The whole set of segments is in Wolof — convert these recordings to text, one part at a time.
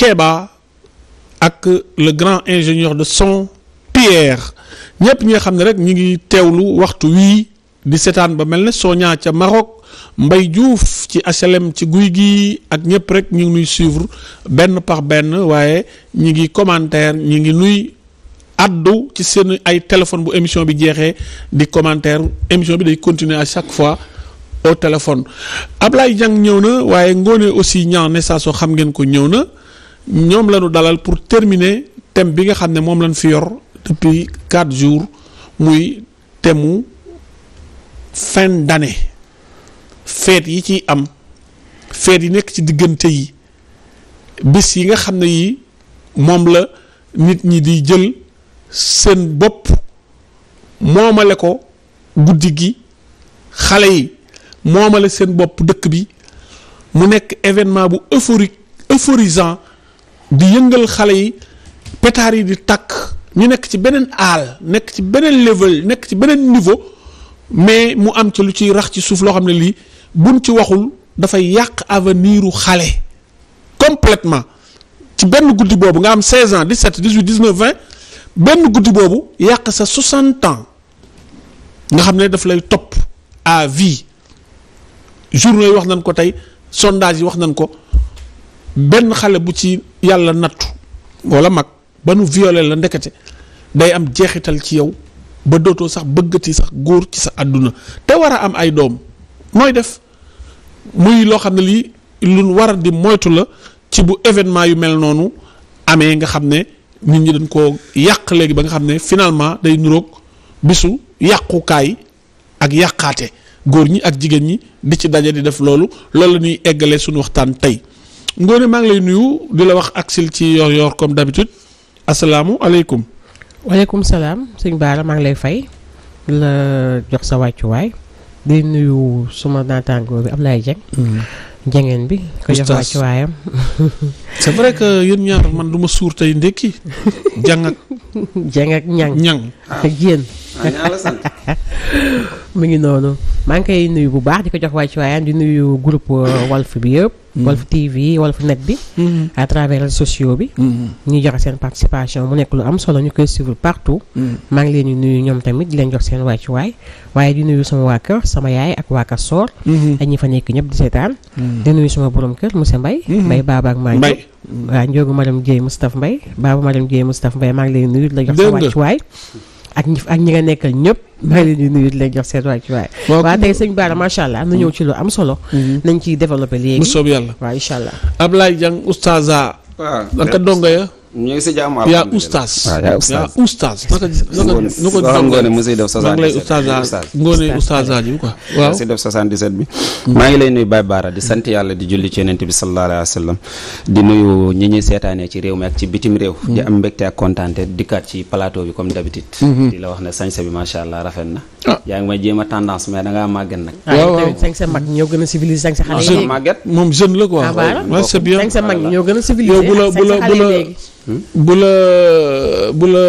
Kéba ak le grand ingénieur de son Pierre ñëpp ñi xam ne rek ñu ngi teewlu waxtu wii di seetaan ba mel ne Soña ca Maroc Mbay Diouf ci HLM ci guy gii ak ñëpp rek ñu ngi nuy suivre benn par benn waaye ñu ngi commentaire ñu ngi nuy addu ci seen ay téléphone bu émission bi jeexee di commentaire émission bi day continuer à chaque fois au téléphone Ablaye Diang ñëw na waaye Ngoone aussi ñaan ne saa soo xam ngeen ko ñëw na ñoom lañu dalal pour terminer thème bi nga xam ne moom lañ fi yor depuis quatre jours muy temu fin d'année feet yi ci am feet yi nekk ci diggante yi bis yi nga xam ne yi moom la nit ñi di jël seen bopp moomale ko guddi gi xale yi moomale seen bopp dëkk bi mu nekk événement bu euphorique euphorisant di yëngal xale yi pétard yi di takk ñu nekk ci beneen aal nekk ci beneen level nekk ci beneen niveau mais mu am ci lu ciy rax ci suuf loo xam ne lii buñ ci waxul dafay yàq aveniru xale complètement ci benn guddi boobu nga am 16 ans 17 18 19 20 benn guddi boobu yàq sa 60 ans nga xam ne daf lay topp à vie journaux yi wax nañ ko tey sondage yi wax nañ ko benn xale bu ci yàlla nattu wala mag ba nu violé la ndekete day am jeexital ci yow ba dootoo sax bëggati sax góor ci sa àdduna te war a am ay doom mooy def muy loo xam ne lii lu war a di moytu la ci bu événement yu mel noonu amee nga xam ne nit ñi dañ koo yàq léegi ba nga xam ne finalement day nuroog bisu yàqukaay ak yàqaate góor ñi ak jigéen ñi di ci daje di def loolu loolu la ñuy eggalee suñu waxtaan tey Ngoné maa ngi lay nuyu di la wax Axel ci Yoor Yoor comme d'habitude asalaamualeykum. waaleykum salaam sëñ Baara maa ngi lay fay di la jox sa wàccuwaay di nuyu suma naataangoo bi am Ablaye Dieng. Hmm. jangeen bi ko jox wàccuwaayam. c'est vrai que yéen ñaar man duma ma suur tey ndekki. jang ak. jang ak ñang ñang la sant. mu ngi noonu maa ngi koy nuyu bu baax di ko jox waa ci di nuyu groupe euh, Walf bi yëpp. Mm-hmm. Walf TV Walf net bi. Mm-hmm. à travers réseaux sociaux bi. Mm-hmm. ñu joxe seen participation mu nekk lu am solo ñu koy suivre partout. maa ngi leen di nuyu ñoom tamit di leen jox seen waa waay waaye di nuyu sama waa sama yaay ak waa Kasoor. ak ñi fa nekk ñëpp di seetaan. di nuyu sama borom kër monsieur Mbaye. Mbaye Baba ak Mbaye. waaw Ndiogou Mariam Dieye mbay Mbaye Baba Mariam Dieye Moustapha Mbaye maa ngi leen ak ñi ak ñi nga nekkal ñëpp maa ngi leen di tey sëñ Bara macha allah am ñëw ci lu am solo. Mm-hmm. nañ ciy développé léegi. bu soob yàlla waaw incha allah. Ablaye Dieng oustaza. waaw ah, danga dongo ya. ñu ngi si jàmm yaa oustaz ah, yaa oustaz naka naka nu ko waaw mm. maa ngi lay nuyu Baara di sant yàlla di julli ci yonent bi sallallahu alayhi di nuyu ñi ñuy seetaanee ci réew mi ak ci bitim réew mm. di am mbégte ak kontaante dikkaat ci plateau bi comme d'habitude mm-hmm. di la wax ne sañse bi macha allah rafet na ah. yaa ngi may jéem a tendance mais dangaa màgget nag ah, waaw sañse mag ñoo gën a civilisé sañse xale yi moom jeune la quoi sañse mag ñoo gën a civilisé bu la bu la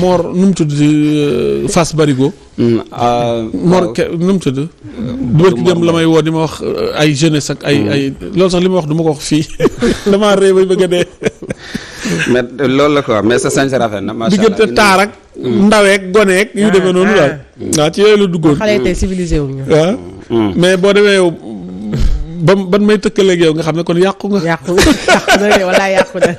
Mor nu mu tudd euh, Fass Barigo. Mm, ah, Mor ke nu mu tudd. Mm, bërki la may woo di ma wax euh, ay jeunesse ak ay mm. ay loolu sax li ma wax duma ko wax fii damaa ree bay bëgg a dee. loolu la quoi mais sa sañ sa na. macha allah diggante taar ak. ndaweeg goneeg yu deme ah, noonu daal. Ah. waaw ci yooyu la duggoon. xale wu mais boo demee ba ban may tëkkaleeg yow nga xam ne kon yàqu nga. yàqu yàqu na de wala yàqu na.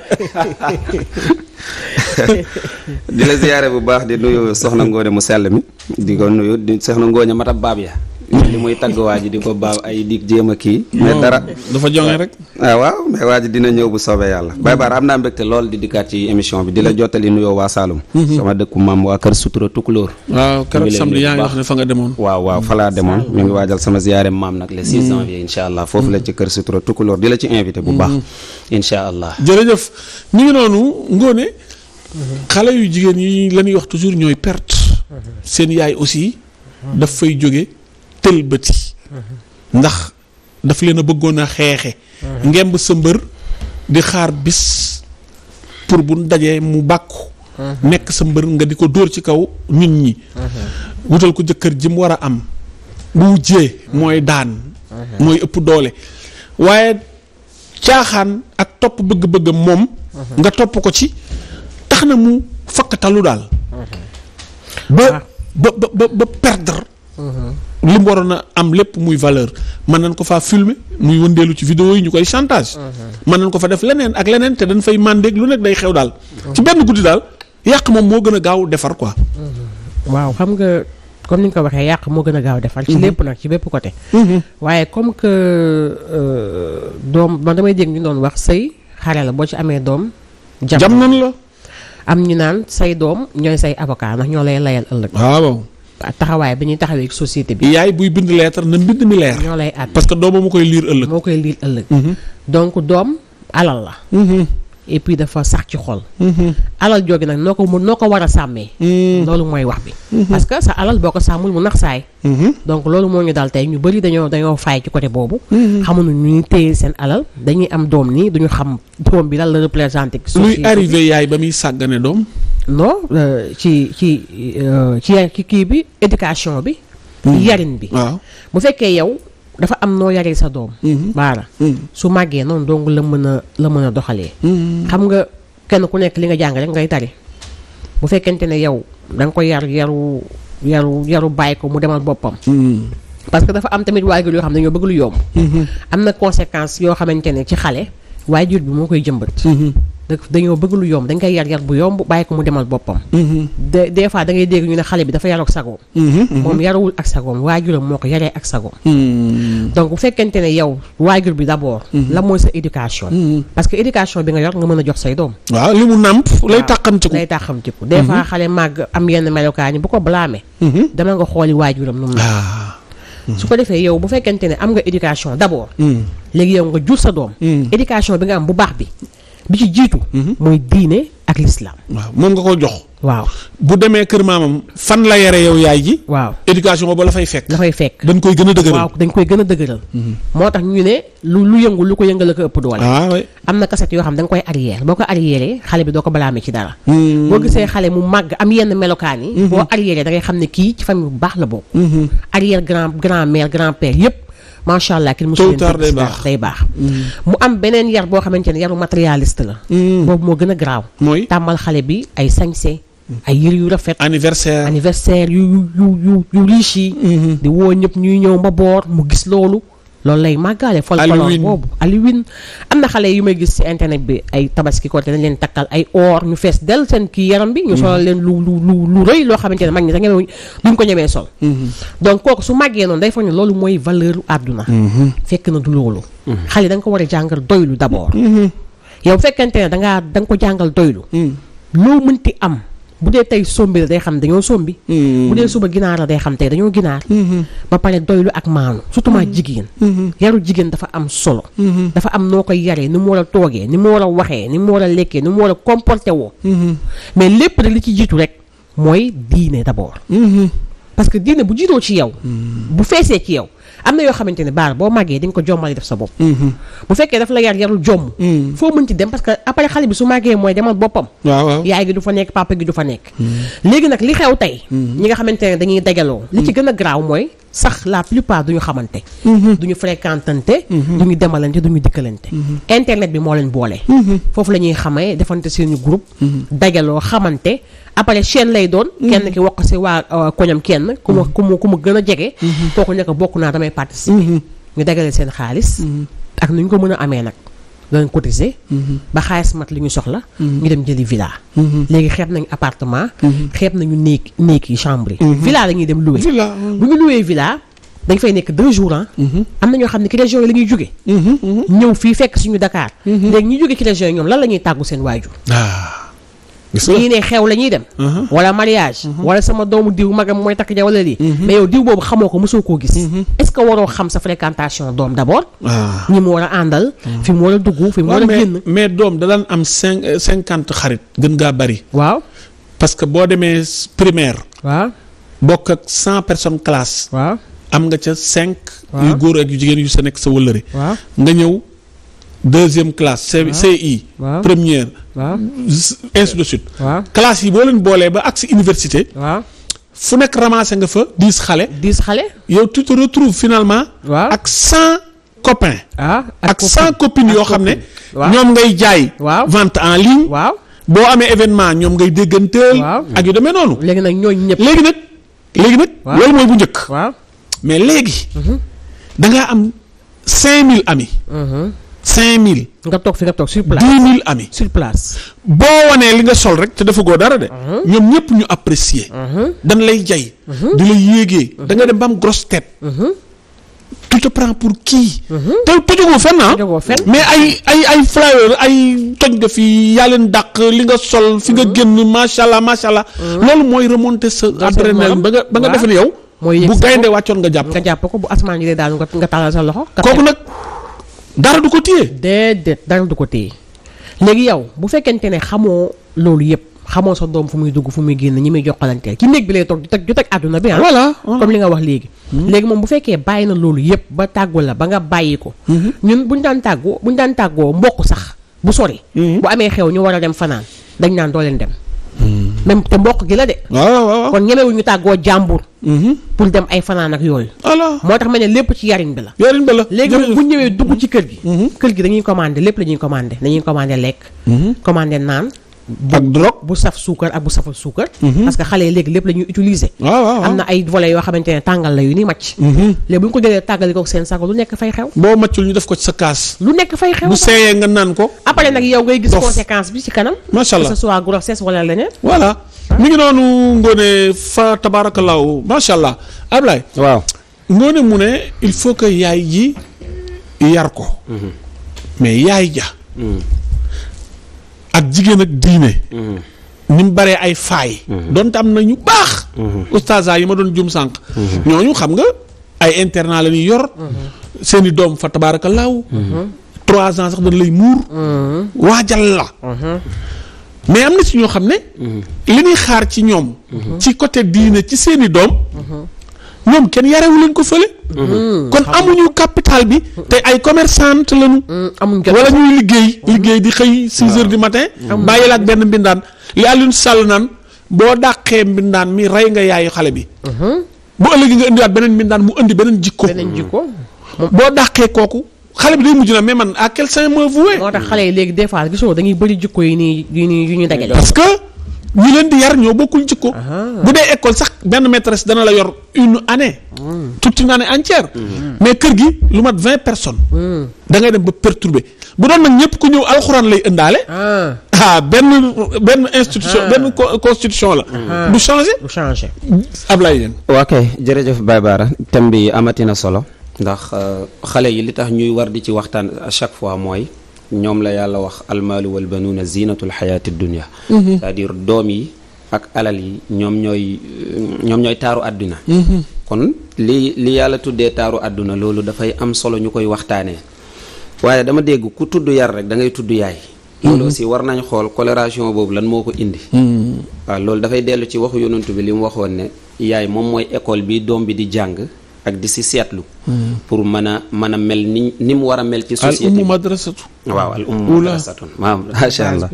di la ziyaare bu baax di nuyu soxna ngoone mu sell mi di ko nuyu di soxna Ngóone matab baab ya li muy tagg waa ji di ko baaw ay dig jéem a kii mais dara dafa jonge rek waaw ah, waaw mais waa ji dina ñëw bu soobee yàlla bay baar am naa mbégte lool di dikkaat ci émission bi di la jottali nuyoo waa Saloum mhm. sama dëkku maam waa kër sutura tukulóor waaw keroog samedi yaa ngi wax demoon waaw waaw fa laa demoon ñu ngi waajal sama ziyaare maam nag le 6 mhm. janvier incha allah foofu la mhm. ci kër sutura tukulóor di la ci invité bu baax incha allah jërëjëf ñu ngi noonu ngóone xale yu jigéen yi la wax toujours ñooy perte seen yaay aussi daf fay tëlbëti ndax daf leen a bëggoon a xeexe ngemb sa mbër di xaar bis pour bu dajee mu bàkku nekk sa mbër nga di ko dóor ci kaw nit ñi wutal ko jëkkër ji mu war a am bu wujjee mooy daan mooy ëpp doole waaye caaxaan ak topp bëgg-bëggam moom nga topp ko ci tax na mu fakk talu daal ba ba ba ba perdre li mu waroon a am lépp muy valeur mën nañ ko faa filmer muy wëndeelu ci vidéo yi ñu koy chantage. mën nañ ko fa def leneen ak leneen te dañ fay màndeeg lu nekk day xew daal. ci benn guddi daal yàq moom moo gën a gaaw defar ko waaw xam nga comme ni nga ko waxee yàq moo gën a gaaw defar. ci mhm. lépp nag ci bépp côté. Mhm. waaye comme que euh, doom man damay dégg ñu doon wax sëy xare la boo ci amee doom. jam nan la. am ñu naan say doom ñooy say avocat ndax ñoo lay layal ëllëg. taxawaay bi ñuy taxawee société bi. yaay buy bind lettre na mbind mi leer. ñoo lay àtte parce que doomam moo koy liir ëllëg. moo koy liir ëllëg. Mhm. donc doom alal la. Mhm. et puis dafa sax ci xol. Mhm. alal joogi nag noo ko mun noo ko war a sàmmee. loolu mooy wax bi. parce sa alal boo ko sàmmul mu nax saay. donc loolu moo ñu dal tey ñu bëri dañoo dañoo fay ci côté boobu. xamuñu ñu téye seen alal dañuy am doom nii duñu xam doom bi lan la représenté. luy arrivé yaay ba muy sàggane doom. non euh, ci ci euh, ci kii bi éducation bi. Mhm. yarin bi. bu fekkee yow dafa am noo yaree sa doom. Mhm. baara mhm. su màggee noonu dong la mën a la mën a doxalee. xam nga kenn ku nekk li nga jàng rek ngay tari bu fekkente ne yow danga ko yar yaru yaru yaru bàyyi ko mu demal boppam. parce que dafa am tamit waajur yoo xam ne ñoo bëgg lu yomb. am na conséquence yoo xamante ne ci xale waajur bi moo koy jëmbat. da dañoo bëgg lu yomb dañ koy yar yar bu yomb bàyyi ko mu demal boppam mm-hmm. de des fois da ngay dégg ñu ne xale bi dafa yarook sagoom mm-hmm, mm-hmm. moom yarawul ak sagoom waajuram moo ko yaree ak sagoom donc bu fekkente ne yow waajur bi d'abord la mooy sa éducation parce que éducation bi nga yor nga mën a jox say doom waaw li mu nàmp lay tàqamtiku lay tàqamtiku des fois xale màgg am yenn melokaan yi bu ko blaame dama nga xooli waajuram nu mu ah. su ko defee yow bu fekkente ne am nga éducation d'abord mm. léegi yow nga jur sa doom mm. éducation bi nga am bu baax bi bi ci jiitu. Mhm. mooy diine ak l'islam. waaw moom nga ko jox. waaw bu demee kër maamam fan la yare yow yaay ji. waaw éducation ba la fay fekk. la fekk dañ koy gën a dëgëral. dañ koy gën a dëgëral. Mhm. moo tax ñu ne lu lu yëngu lu ko yëngal ko ëpp doole. Ah, am na kaset yoo xam da nga koy arrière boo ko arrière xale bi doo ko balaamee ci dara. Hmm. boo gisee xale mu màgg am yenn melokaan yi. Mhm. boo arrière da xam ne kii ci famille bu baax la bokk. arrière grand grand mère grand père yëpp. macha allah kenn mosu leen day baax day baax mm. mu am beneen yar boo xamante ne yaru matérialiste la mm. boobu moo gën a garaaw mooy tàmmal xale bi ay sañse ay yër yu rafet anniversaire anniversaire yu yu yu yu yi mm-hmm. di woo ñëpp ñuy ñëw mba boor mu gis loolu loolu lay màggaale folklore boobu Aliwin am na xale yu may gis ci internet bi ay tabaski ko te dañ leen takkal ay or ñu fees del seen kii yaram bi ñu mm-hmm. solal leen lu lu lu lu rëy loo xamante ne mag ñi sax ñemewuñ duñ ko ñemee sol mm-hmm. donc kooku su màggee noonu day foog ne loolu mooy valeur àdduna mm-hmm. fekk na du loolu xale da ko war a jàngal doylu d'abord yow fekkente ne dangaa da nga ko jàngal doylu mm. loo mënti am bu dee tey sombi la day xam dañoo sombi. Hmm. bu dee suba ginaar la day xam tey dañoo ginaar. Hmm. ba pare doylu ak maanu surtout ma hmm. jigéen. yaru jigéen dafa am solo. dafa am noo koy yaree ni mu war a toogee ni mu war a waxee ni mu war a lekkee ni mu war a comporté woo. mais lépp rek li ci jiitu rek mooy diine d'abord. parce que diine bu jiitoo ci yow. bu feesee ci yow. am na yoo xamante ne baar boo màggee di ko jommali def sa bopp mhm. bu fekkee daf la yar yarul jomm mhm. foo mën ci dem parce que après xale bi su màggee mooy demal boppam waaw yaay gi du fa nekk papa gi du fa nekk mhm. léegi nag li xew tey ñi nga xamante ne dañuy dajaloo li ci gën a garaaw mooy sax la plupart duñu xamante mhm. duñu fréquentante mhm. duñu demalante duñu dikkalante mhm. internet bi moo leen boole foofu la ñuy xamee defante suñu groupe dajaloo xamante après chaîne lay doon kenn ki wax ko si waa euh, koñam kenn ku ma ku ma ku gën a jege kooku nekk bokk naa damay participer ñu dajale seen xaalis ak nu ñu ko mën a amee nag danañ cotiser. Mhm. ba xaalis mat li ñu soxla. Mhm. ñu dem jëli villa. Mhm. léegi xeeb nañu appartement. xeeb nañu néeg néeg yi chambre yi. villa la ñuy dem louer. villa bu ñu louer villa. dañ fay nekk deux jours ah. am na ñoo xam ne ci région yi la ñuy jóge ñëw fii fekk suñu Dakar. léegi ñi jóge ci région yi ñoom lan la ñuy tàggu seen waajur. Ah. ñii ne xew la ñuy dem uh-huh. wala mariage uh-huh. wala sama doomu diw magam mooy takk ja wala lii uh-huh. diw boobu xamoo ko mosoo koo gis est-ce que waroo xam sa fréquentation doom d'abord ah. ñi mu war a àndal fi mu war a dugg fi mu war a génn mais doom da daan am cinq euh, cinquante xarit gën gaa bari waaw parce que boo demee primaire waaw bokk ak cent personne classe waaw am nga ca cinq yu góor ak yu jigéen yu sa nekk sa wëllëre nga ñëw deuxième classe. waaw CI. waaw première. waaw ainsi yi boo leen boolee ba ak si université. waaw fu nekk ramassé nga fa diis xale. dix xale. yow tout te retrouves finalement. waaw ak cent copin ah, ak cent copines yoo xam ne. ñoom ngay jaay. waaw vente en ligne. waaw boo amee événement ñoom ngay dégganteel. ak yu demee noonu. léegi nag ñooñu ñëpp léegi nag. léegi nag loolu mooy bu njëkk. waaw mais léegi. Mhm. da am cinq mille ami mhm. cinq mille. nga toog fi nga toog sur place dix mille amis. boo wanee li nga sol rek te dafa goo dara de. Uh-huh. ñoom ñëpp ñu apprécier. Uh-huh. dañ lay jay. Uh-huh. di la yéegee. da dem ba am grosse tête. tu te prends pour qui. te tojagoo fenn ah. mais ay ay ay ay toj nga fi yaa leen dàq li nga sol. fi nga génn macha allah macha allah. loolu mooy remonter sa. adrénaline ba nga ba nga defe ne yow. bu gaynde wàccoon nga jàpp. jàpp ko bu nga tàllal sa kooku nag. dara du ko téye. déedéet dara du ko téye léegi yow bu fekkente ne xamoo loolu yëpp xamoo sa doom fu muy dugg fu muy génn ñi muy joxalanteel ci néeg bi lay toog di teg àdduna bi ah. voilà comme li nga wax léegi. Hmm. léegi moom bu fekkee bàyyi na loolu yëpp ba tàggu la ba nga bàyyi ko. Hmm. ñun bu ñu daan tàggoo bu ñu daan tàggoo mbokk sax bu sori. Hmm. bu amee xew ñu war a dem fanaan dañ naan doo leen dem. Mm-hmm. même te mbokk gi la de. Ah, waaw waaw kon ñemewuñu tàggoo jàmbur. Mm-hmm. pour dem ay fanaan ak yooyu. voilà moo tax ma ne lépp ci yarin bi la. yarin bi la léegi bu ñëwee dugg ci mm-hmm. kër gi. kër gi dañuy commandé lépp la ñuy commandé dañuy commandé lekk. commandé naan. bu drogue bu saf suukar ak bu saful suukar. Mhm. parce que xale yi léegi lépp la ñuy utiliser. Ah, waaw waaw am na ay volets yoo xamante ne tàngal la yu ni màcc. Mhm. léegi bu ñu ko jëlee tàngal ko seen sago lu nekk fay xew. boo màccul ñu def ko ci sa kaas. lu nekk fay xew bu seeyee nga naan ko. après nag yow ngay gis conséquence bi ci kanam. macha allah que ce soit grossesse wala leneen. voilà mi macha allah Ablaye. waaw Ngone mu ne il faut que yaay ji yar ko. Mhm. mais yaay ja. ak jigéen ak diine. Mm-hmm. ni mu baree ay faay. Mm-hmm. donte am na ñu baax. Mm-hmm. ustaasa yi ma doon jum sànq. ñooñu xam nga ay internat la ñuy yor. seen i doom fa tabaarakallaaw. trois ans sax dañ lay muur. waajal la. mais am na ci ñoo xam ne. li ñuy xaar ci ñoom. ci côté diine ci seeni doom. ñoom kenn yarewu leen ko fële. Mm-hmm. kon amuñu capital bi. te ay commerçante lañu. Mm, amuñu wala ñuy liggéey. liggéey di xëy 6 heures du matin. bàyyi la ak benn mbindaan li Alioune Sall naan boo dàqee mbindaan mi rey nga yaayu xale bi. Mm-hmm. bu ëllëgee nga indiwaat beneen mbindaan mu indi beneen jikko. beneen jikko mm. boo dàqee kooku. xale bi day mujj na mais man à quel saint me vouer. moo tax xale yi parce que. ñu leen di yar ñoo bokkul ko bu dee école sax benn maîtresse dana la yor une année hmm. toute naa ne entière hmm. mais kër gi lu mat vingt personnes hmm. da ngay dem ba perturbé bu doon nag ñëpp ku ñëw alxuraan lay ëndaale ah. ah benn benn institution ah. benn constitution la du changé du changé Ablaye yéen ok jërëjëf Baye Bara thème bi amatina solo ndax euh, xale yi li tax ñuy war di ci waxtaan chaque fois mooy ñoom la yàlla wax almaalu wal banuuna ziinatul xayaati dunya mhm. cest à doom yi ak alal yi ñoom ñooy ñoom ñooy taaru àdduna mhm. kon li li yàlla tuddee taaru àdduna loolu dafay am solo ñu koy waxtaanee waaye dama dégg ku tudd yar rek dangay tudd yaay mhm. loolu aussi war nañ xool coloration boobu lan moo ko indi waaw loolu dafay dellu ci waxu yonantu bi li mu waxoon ne yaay moom mooy école bi doom bi di jàng ak di si seetlu. Hmm. pour mën a mën a mel ni ni mu war a mel. ci société al ummu madrasatu. waaw al ummu madrasatu waaw macha allah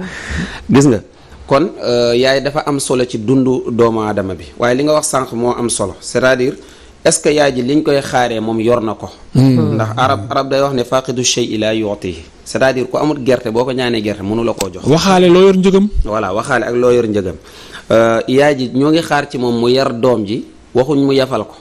gis nga. kon euh, yaay dafa am solo ci dundu doomu aadama bi waaye li nga wax sànq moo am solo c'est-à-dire est-ce que yaay ji liñ koy xaare moom yor na ko. Hmm. ndax arab arab day wax ne faaqidu shay'i laa yu'tihi c'est-à-dire ku amul gerte boo ko ñaanee gerte mënula la koo jox. waxaale loo yor njëgam. voilà waxaale ak loo yor njëgam euh, yaay ji ñoo ngi xaar ci moom mu yar doom ji waxuñ mu yafal ko.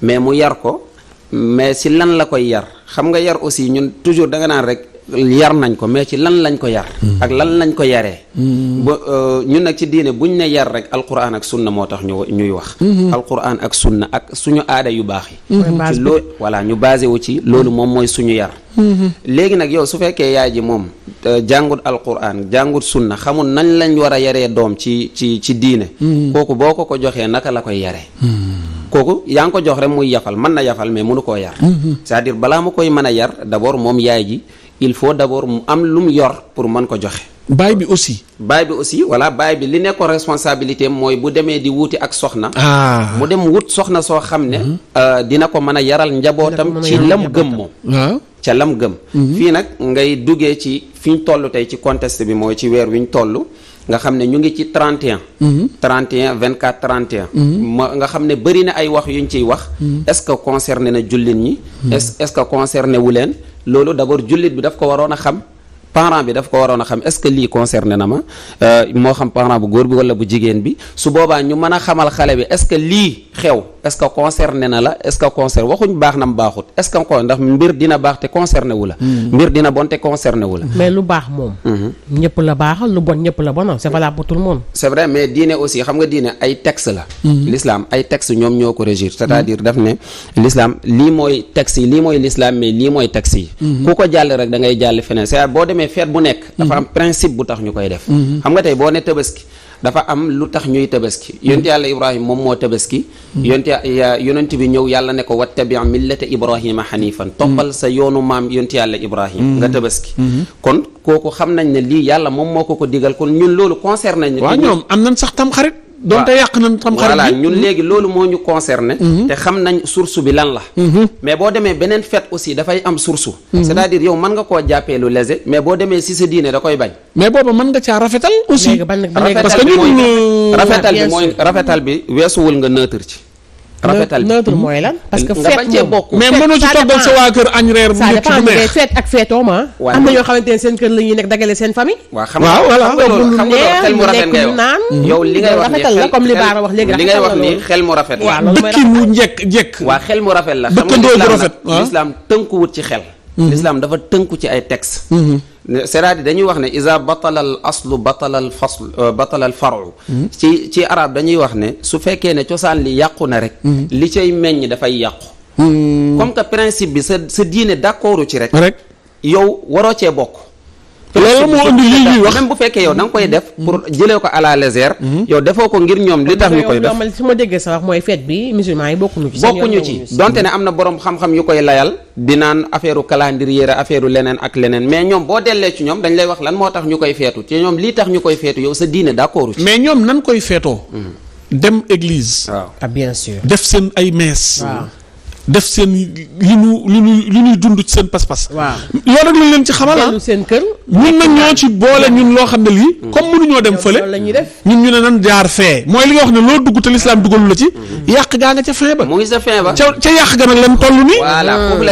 mais mu yar ko mais si lan la koy yar xam nga yar aussi ñun toujours da nga naan rek yar nañ ko mais ci lan lañ ko yar mm. ak lan lañ ko yaree mm. ba euh, ñun nag ci diine buñ ne yar rek alquran ak sunna moo tax ñu ñuy wax mm-hmm. alquran ak sunna ak suñu aada yu baax yi mm-hmm. ci loolu voilà ñu basé wu ci loolu moom mooy suñu yar mm-hmm. léegi nag yow su fekkee yaay ji moom euh, jàngut alquran jàngut sunna xamul nañ lañ war a yaree doom ci ci ci diine kooku boo ko ko joxee naka la koy yare kooku yaa ngi ko jox rek muy yafal man na yafal mais mënu koo yar cest à balaa mu koy mën a yar d'abord moom yaay ji il faut d'abord mu am lu mu yor pour mën ko joxe. baay bi aussi. baay bi aussi voilà baay bi li nekkoon responsabilité mooy bu demee di wuuti ak soxna. Ah. mu dem wut soxna soo xam ne. Mhm. Euh, dina ko mën a yaral njabootam. ci lam gëm moo ca lam gëm. Mhm. fii nag ngay duggee ci fi ñu toll tey ci contexte bi mooy ci weer wi ñu toll. nga xam ne ñu ngi ci 31. 31 24 31. ma nga xam ne bëri na ay wax yu ñu ciy wax. Mhm. est-ce que concerné na jullit ñi. est-ce que concerné wu leen. loolu d'abord jullit bi daf ko waroon a xam parent bi daf ko waroon a xam est-ce que lii concerné na ma euh, moo xam parent bu góor bi walla bu jigéen bi su boobaa ñu mën a xamal xale bi est-ce que lii xew est-ce que concerné na la est-ce que concerné waxuñ baax na mu baaxut est-ce que ko ndax mbir dina baax te concerné wu la. Mm-hmm. mbir dina bon te wu la. mais lu baax moom. Mm-hmm. ñëpp la baaxal lu bon ñëpp la bonal c'est valable pour tout le monde. c'est vrai mais diine aussi xam nga diine ay texte la. Mm-hmm. l'islam ay texte ñoom ñoo ko régir. c'est-à-dire daf ne l'islam lii mooy texte yi lii mooy l'islam mais lii mooy texte yi. ku ko jàll rek da jàll feneen demee feet bu nekk dafa am mhm. principe bu tax ñu koy def mhm. xam nga tey boo ne tabaski dafa am lu tax ñuy tabaski mhm. yonent yàlla ibrahima moom moo tabaski yonent yonent bi ñëw yàlla ne ko wattabi millata ibrahima xanifan toppal sa yoonu maam yonent yàlla ibrahima nga tabaski kon kooku xam nañ ne lii yàlla moom moo ko ko digal kon ñun loolu concerné nañ waaw ñoom am nañ sax tam xarit donte yàq nañ xam xarit voilà ñun mhm. léegi loolu moo ñu concerné mhm. te xam nañ source bi lan la mhm. mais boo demee beneen fet aussi dafay am source c'est-à-dire yow mën nga koo jàppee lu léger mais boo demee si sa diine koy bañ mais booba mën nga caa rafetal aussi parce que ñun rafetal bi mooy rafetal bi weesuwul nga neutre ci rafetal neutre hmm? mooy lan parce que feet moom bokk mais mënoo ci toggal sa waa kër añ reer bu nekk ci lu neex feet ak feetoo ma am na ñoo xamante ne seen kër la ñuy nekk dagale seen famille waa xam nga voilà xam nga xel mu rafet ngay li ngay wax rafetal la comme li Baara wax léegi li ngay wax ni xel mu rafet la dëkkin wu njekk waa waaw xel mu rafet la dëkkandoo bu rafet l'islam tënkuwut ci xel mhm. l'islam dafa tënku ci ay texte mhm. cest à dañuy wax ne isa batala al aslu batala al fasl euh, batala hmm. ci ci arab dañuy wax ne su fekkee ne cosaan li yàqu na rek hmm. li cay meññ dafay yàqu hmm. comme que principe bi sa sa diine d'accordu ci rek yow waroo cee bokk loolu moo indi lii ñuy wax même bu fekkee yow da nga koy def pour jëlee ko à la yow defoo ko ngir ñoom li tax ñu koy def su ma déggee sa mooy fête bi musulman yi bokkuñu ci bokkuñu ci donte ne am na borom xam-xam yu koy layal di naan affaire u calendrier affaire leneen ak leneen mais ñoom boo dellee ci ñoom dañ lay wax lan moo tax ñu koy feetu ci ñoom lii tax ñu koy feetu yow sa diine d'accord ci mais ñoom nan koy feetoo dem église waaw bien sûr def seen ay messe def seen li nu li nu li ñuy dund ci seen pas-pas. waaw loolu rek lañ leen ci xamal ah. seen kër. ñun nag ñoo ci boole ñun loo xam ne lii. Mm. comme mënuñoo dem fële. ñun ñu ne nan jaar fee. mooy li nga wax ne loo dugg te lislaam dugalu la ci. Mm. yàq gaa nga ca fin ba. muy sa fin ba ca ca yàq ga nag leen toll nii.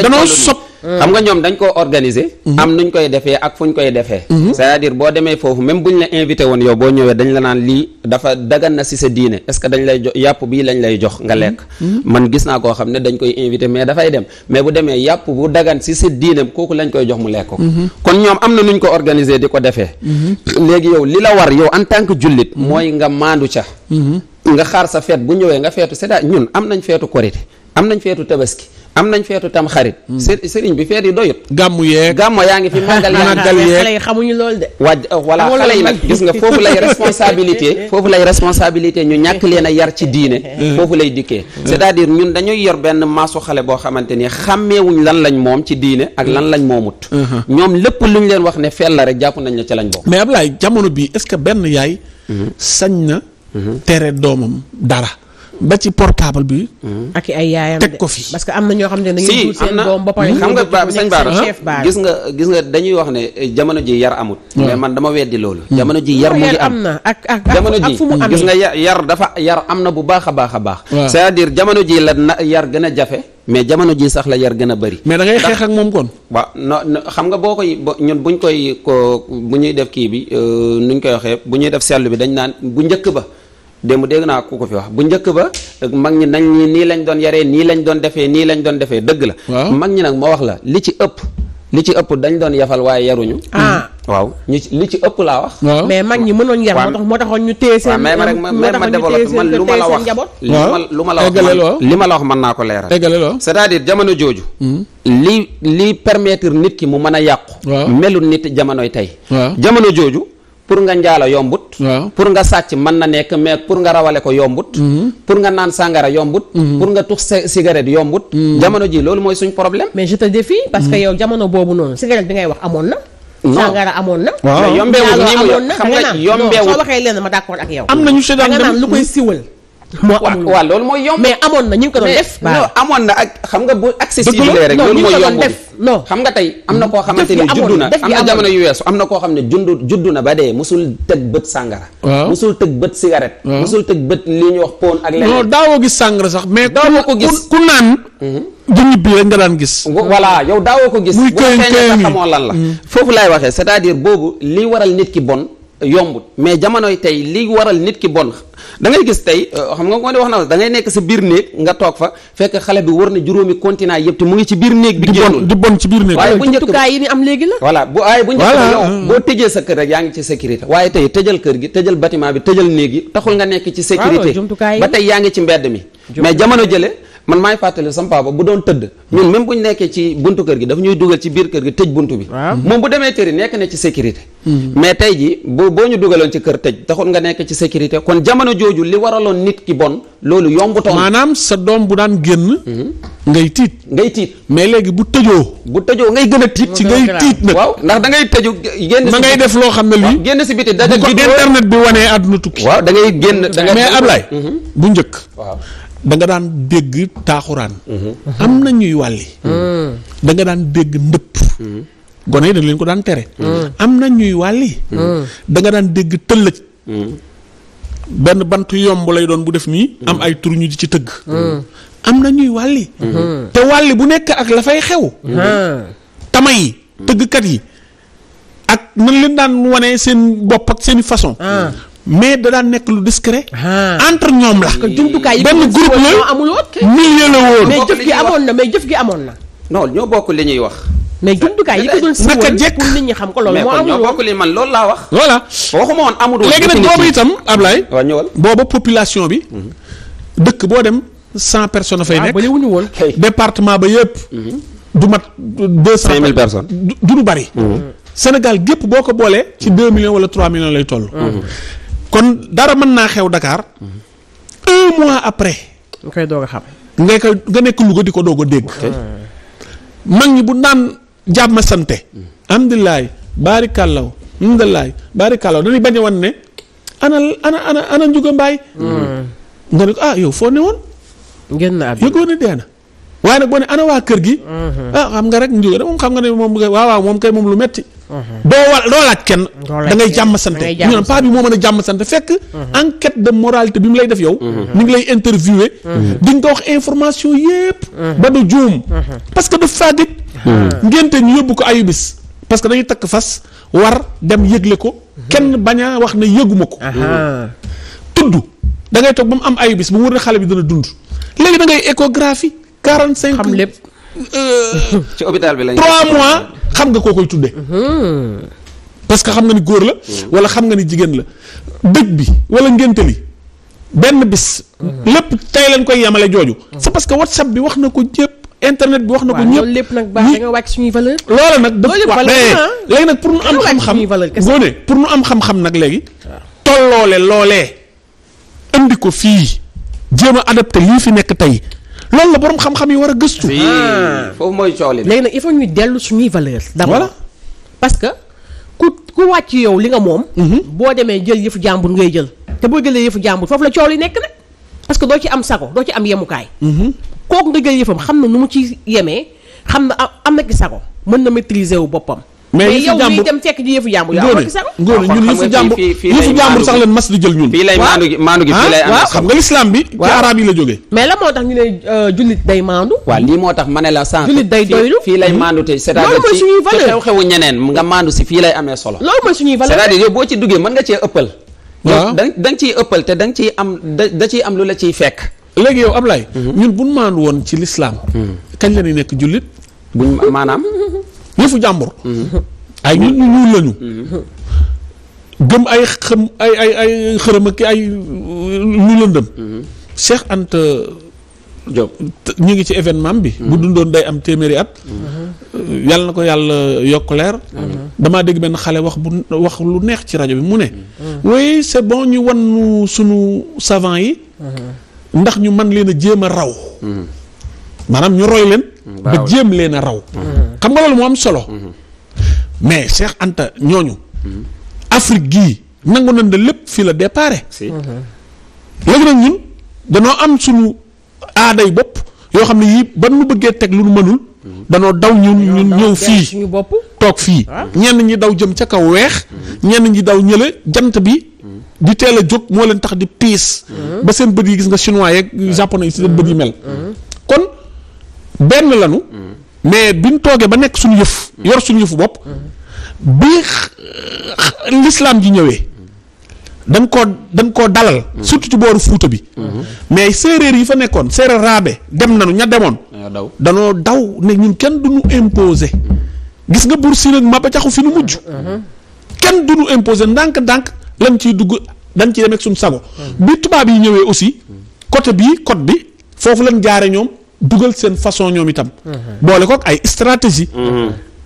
danoo sopp xam nga ñoom dañ koo organiser. Mhm. am nuñ koy defee ak fu ñu koy defee. Mhm. cest à boo demee foofu bu ñu la invité woon yow boo ñëwee dañ la naan lii dafa dagan na si sa diine est que dañ lay jox yàpp bii lañ lay jox nga mhm. lekk. man gis naa koo xam ne dañ koy invité mais dafay dem mais bu demee yàpp bu dagan si sa diine kooku lañ koy jox mu lekk ko. kon ñoom am na nuñ ko organiser di ko defee. léegi yow li la war yow en tant que jullit. mooy nga maandu ca. nga xaar sa feet bu ñëwee nga feetu cest ñun am nañ feetu korité am nañ feetu tabaski. am nañ feetu tam xarit. Hmm. sëriñ bi feet yi doyut. gàmmu yeeg gàmmu yaa ngi fi màggal yaa ngi fi xale yi xamuñu loolu de. waa oh, voilà xale yi nag gis nga foofu lay responsabilité foofu lay responsabilité ñu ñàkk leen a yar ci diine. Hmm. foofu lay dikkee. Hmm. c'est-à-dire ñun dañuy yor benn maasu xale boo xamante ni xàmmeewuñ lan lañ moom ci diine ak lan lañ moomut. ñoom lépp lu ñu leen wax ne fel la rek jàpp nañ la ca lañ bokk. mais Ablaye jamono bi est-ce que benn yaay. sañ na. tere doomam dara. ba ci portable bi. ak ay yaayam teg ko fi. parce que am na ñoo xam ne dañuy duul seen doom ba pare xam nga ba sañ baara gis nga gis nga dañuy wax ne eh, jamono ji yar amut. mais man dama weddi loolu. Hmm. jamono ji yar mu ngi am na ak ak jamono ji gis nga yar dafa yar am na bu baax a baax a baax. cest à jamono ji la na yar gën a jafe. mais jamono ji sax la yar gën a bëri. mais da ngay xeex ak moom kon. waaw non xam nga boo koy ñun ñu koy ko bu ñuy def kii bi euh, nuñ koy waxee bu ñuy def seetlu bi dañ naan bu njëkk ba démb dégg naa ku ko fi wax bu njëkk ba mag ñi nañ nii lañ doon yaree nii lañ doon defee nii lañ doon defee dëgg la mag ñi nag moo wax la li ci ëpp li ci ëpp dañ doon yafal waaye yaruñu ah hmm. waaw ñu li ci ëpp laa wax mais mag ñi mënoon yar moo tax moo taxoon ñu téye seen mais ma rek ma développe man lu ma ma lu ma la wax li ma la wax mën naa ko leeral c'est-à-dire jamono jooju hmm. li li permettre nit ki mu mën a yàqu melu nit jamonoy tey jamono jooju pour nga njaalo yombut pour nga sàcc mën na nekk mais pour nga rawale ko yombut mm-hmm. pour nga naan sàngara yombut mm-hmm. pour nga tux cigarette yombut mm-hmm. jamono ji loolu mooy suñ problème mais je te défie parce que yow jamono boobu noonu cigarette bi ngay wax amoon na sàngara amoon na yombeewut nii mu xam nga yombeewut soo waxee leen ma d'accord ak yow am na ñu seetaan dem lu koy siwal moo amul waaw loolu mooy yomb. mais amoon na ñu ko doon def. non amoon na ak xam nga bu. accessible rek loolu mooy yomb def non. xam nga tey am na koo xamante ni juddu na am na jamono yu weesu am na koo xam ne jundu juddu na ba dee mosul tëg bët sàngara. waaw musul tëg bët cigarette. musul tëg bët lii ñu wax poon ak leneen. non daawoo gis sàngara sax mais. daawoo ko gis ku naan. Mhm. du ñibbi rek nga daan gis. voilà yow daawoo ko gis. muy këy bu xamoon lan la. Mhm. foofu laay waxee cest à diir boobu lii waral nit ki bon yombut mais jamonoy tey li waral nit ki bon da ngay gis tey euh, xam nga ko ne wax na da ngay nekk sa biir néeg nga toog fa fekk xale bi war na juróomi continent yëpp te mu ngi ci biir néeg bi génnul di bon ci biir néeg waaye bu njëkk yi ni am léegi la voilà bu waaye bu yow boo tëjee sa kër rek yaa ngi ci sécurité waaye tey tëjal kër gi tëjal bâtiment bi tëjal néeg yi taxul nga nekk ci sécurité ba tey yaa ngi ci mbedd mi mais jamono jële man maay fàttali sama bu doon tëdd ñun même bu ñu nekkee ci buntu kër gi dafa ñuy dugal ci biir kër gi tëj bunt bi moom bu demee tëri nekk na ci sécurité hmm. mais tey ji boo boo ñu dugaloon ci kër tëj taxul nga nekk ci sécurité kon jamono jooju li waraloon nit ki bon loolu yombutoon maanaam sa doom bu daan génn hmm. ngay tiit ngay tiit mais léegi bu tëjoo bu tëjoo ngay gën a tiit ci ngay tiit nag waaw ndax da ngay tëju génn ma ngay def loo xam ne lii génn si biti da internet bi wanee àdduna tukki waaw da ngay génn mais Ablaye hmm. bu njëkk waaw danga daan dégg taaxuraan. Mhm. am na ñuy wàlli. Mhm. danga daan dégg ndëpp. Mhm. gone yi dañ leen ko daan tere. am na ñuy wàlli. daan dégg tëllëj. benn bant yomb lay doon bu def nii. am ay tur ñu di ci tëgg. am na ñuy wàlli. te wàlli bu nekk ak la fay xew. tama yi tëggkat yi. ak nan leen daan wane seen bopp ak seen i façon. Ah. mais da daan nekk lu discret. entre ñoom la. jumtukaay yi benn groupe la milieu la woon. mais jëf gi amoon na mais jëf gi amoon na. non ñoo bokk li ñuy wax. mais jumtukaay yi ko doon siiwal xam ko loolu moo amul woon mais man loolu laa wax. voilà waxuma woon amul woon. léegi nag boobu itam Ablaye. waaw ñëwal booba population bi. dëkk boo dem cent personnes fay ah, nekk. waaw département ba yëpp. Mhm. du mat deux cent. mille personnes du du bari. Mhm. Sénégal gépp boo ko boolee. ci deux millions wala trois million lay toll. Mhm. kon dara mën naa xew dakaar un mois après. nga koy doog a xam. nga koy nga nekk Louga di ko doog a dégg. mag ñi bu naan jàmm sante. alhamdulilah baari kàllaw alhamdulilah baari kàllaw dañuy bañ a wan ne. ana ana ana ana njuga mm. nga ne ko ah yow foo ne woon. ngeen dee na. waaye nag boo ne ana waa kër gi. Mhm. ah xam nga rek njuga moom xam nga ne moom waaw waaw moom kay moom lu metti mhm. doo wal doo laaj kenn. da ngay jàmm sante ñu ne paa bi moo mën a jàmm sante mhm. de moralité bi mu lay def yow. ni ngi lay interviewé. di nga ko wax information yépp ba du juum. parce que du fadik. ngénte ñu yóbbu ko ayubis. parce que dañuy takk fas war dem yëgle ko. kenn bañ a wax ne yëguma ko. tudd da ngay toog ba mu am ayubis ba mu wër ne xale bi dana dund léegi da ngay échographie. quarante cinq xam lépp. ci hôpital bi lañ. trois mois xam nga koo koy tuddee. parce que xam nga ni góor la. Hmm. wala xam nga ni jigéen la. dëj bi wala ngénte li benn bis. Hmm. lépp tey lañ koy yemale jooju. Hmm. c'est parce que whatsapp bi wax na ko ñëpp internet bi wax na ko ñëpp. loolu lépp nag baax da nga wàcc suñuy valeur. loola nag wax ah. léegi nag pour nu am xam-xam góone pour nu am xam-xam nag léegi. tolloole loole andi ko fii jéem a adapté lii fi nekk tey. loolu la borom xam-xam yi war a gëstu. Ah. foofu mooy coow li léegi nag il faut ñu dellu suñuy valeur d'abord parce que ku ku wàcc yow li nga moom. Mhm. boo demee jël yëfu jàmbur ngay jël. te boo jëlee yëfu jàmbur foofu la coow li nekk nag parce que doo ci am sago doo ci am yemukaay. Mhm. kooku nga jël yëfam xam na nu mu ci yemee xam na am na ci sago mën na maîtriser wu boppam. mais yow miy dem fekk ji yëfu jàmbur ngóone ngóone ñun yëfu jàmbur yëfu jàmbur mas di jël ñun fii lay maandu gi maandu gi fii ah, lay xam nga lislaam bi ci arab yi la jógee mais la moo tax ñu ne euh, jullit moo tax ma ne la sànq jullit day doylu fii lay maandu hmm. xew xewu ñeneen nga maandu si fii amee solo loolu mooy suñuy valeur c'est-à-dire yow boo ci duggee mën nga cee ëppal waaw da da nga ciy ëppal te da ciy am da ciy am lu la ciy fekk léegi yow Ablaye mhm. ñun buñ maandu woon ci lislaam mhm. kañ la ñuy nekk jullit buñ maanaam yëfu jàmbur. ay nit ñu ñuul lañu. gëm ay xëm ay ay ay xërëm ay lu lëndëm. Cheikh Anta ñu ngi ci événement bi. bu dundoon day am téeméeri at. yàlla na ko yàlla yokk leer. dégg benn xale wax bu wax lu neex ci rajo bi mu ne. oui c'est bon ñu wan sunu savant yi. ndax ñu mën leen a jéem a raw. maanaam ñu roy leen. ba jéem leen a raw. Mm-hmm. xam nga loolu moo am solo. Mm-hmm. mais Cheikh Anta ñooñu. Mm-hmm. Afrique gii nangu nañ ne lépp fii la déparé. si léegi nag ñun danoo am suñu yi bopp yoo xam ne yii ban nu bëggee teg lu nu mënul. danoo daw ñun ñun ñëw fii toog fii ah. ñenn ñi daw jëm ca kaw weex. ñenn ñi daw ñële jant bi. di teel a jóg moo leen tax di piis. ba seen bët yi gis nga chinois yeeg japonais yi seen bët yi mel. benn lanu mm. mais biñ toogee ba nekk suñu yëf mm. yor suñu yëfu bopp mm. bi euh, l'islam ji ñëwee dañ ko dañ koo dalal surtout ci booru fuuta bi mm-hmm. mais séeréer yi fa nekkoon séeréer raabe dem nanu ña demoon danoo daw ne ñun kenn duñu imposer gis nga Buur Siin ak Maba Jaxu fi nu mujj mm-hmm. kenn duñu imposer ndànk-ndànk lañ ciy dugg dañ ciy dem ak suñu sago bi tubaab yi ñëwee aussi côté bii côte bi foofu lañ jaare ñoom dugal seen façon ñoom itam. boole kook ay stratégie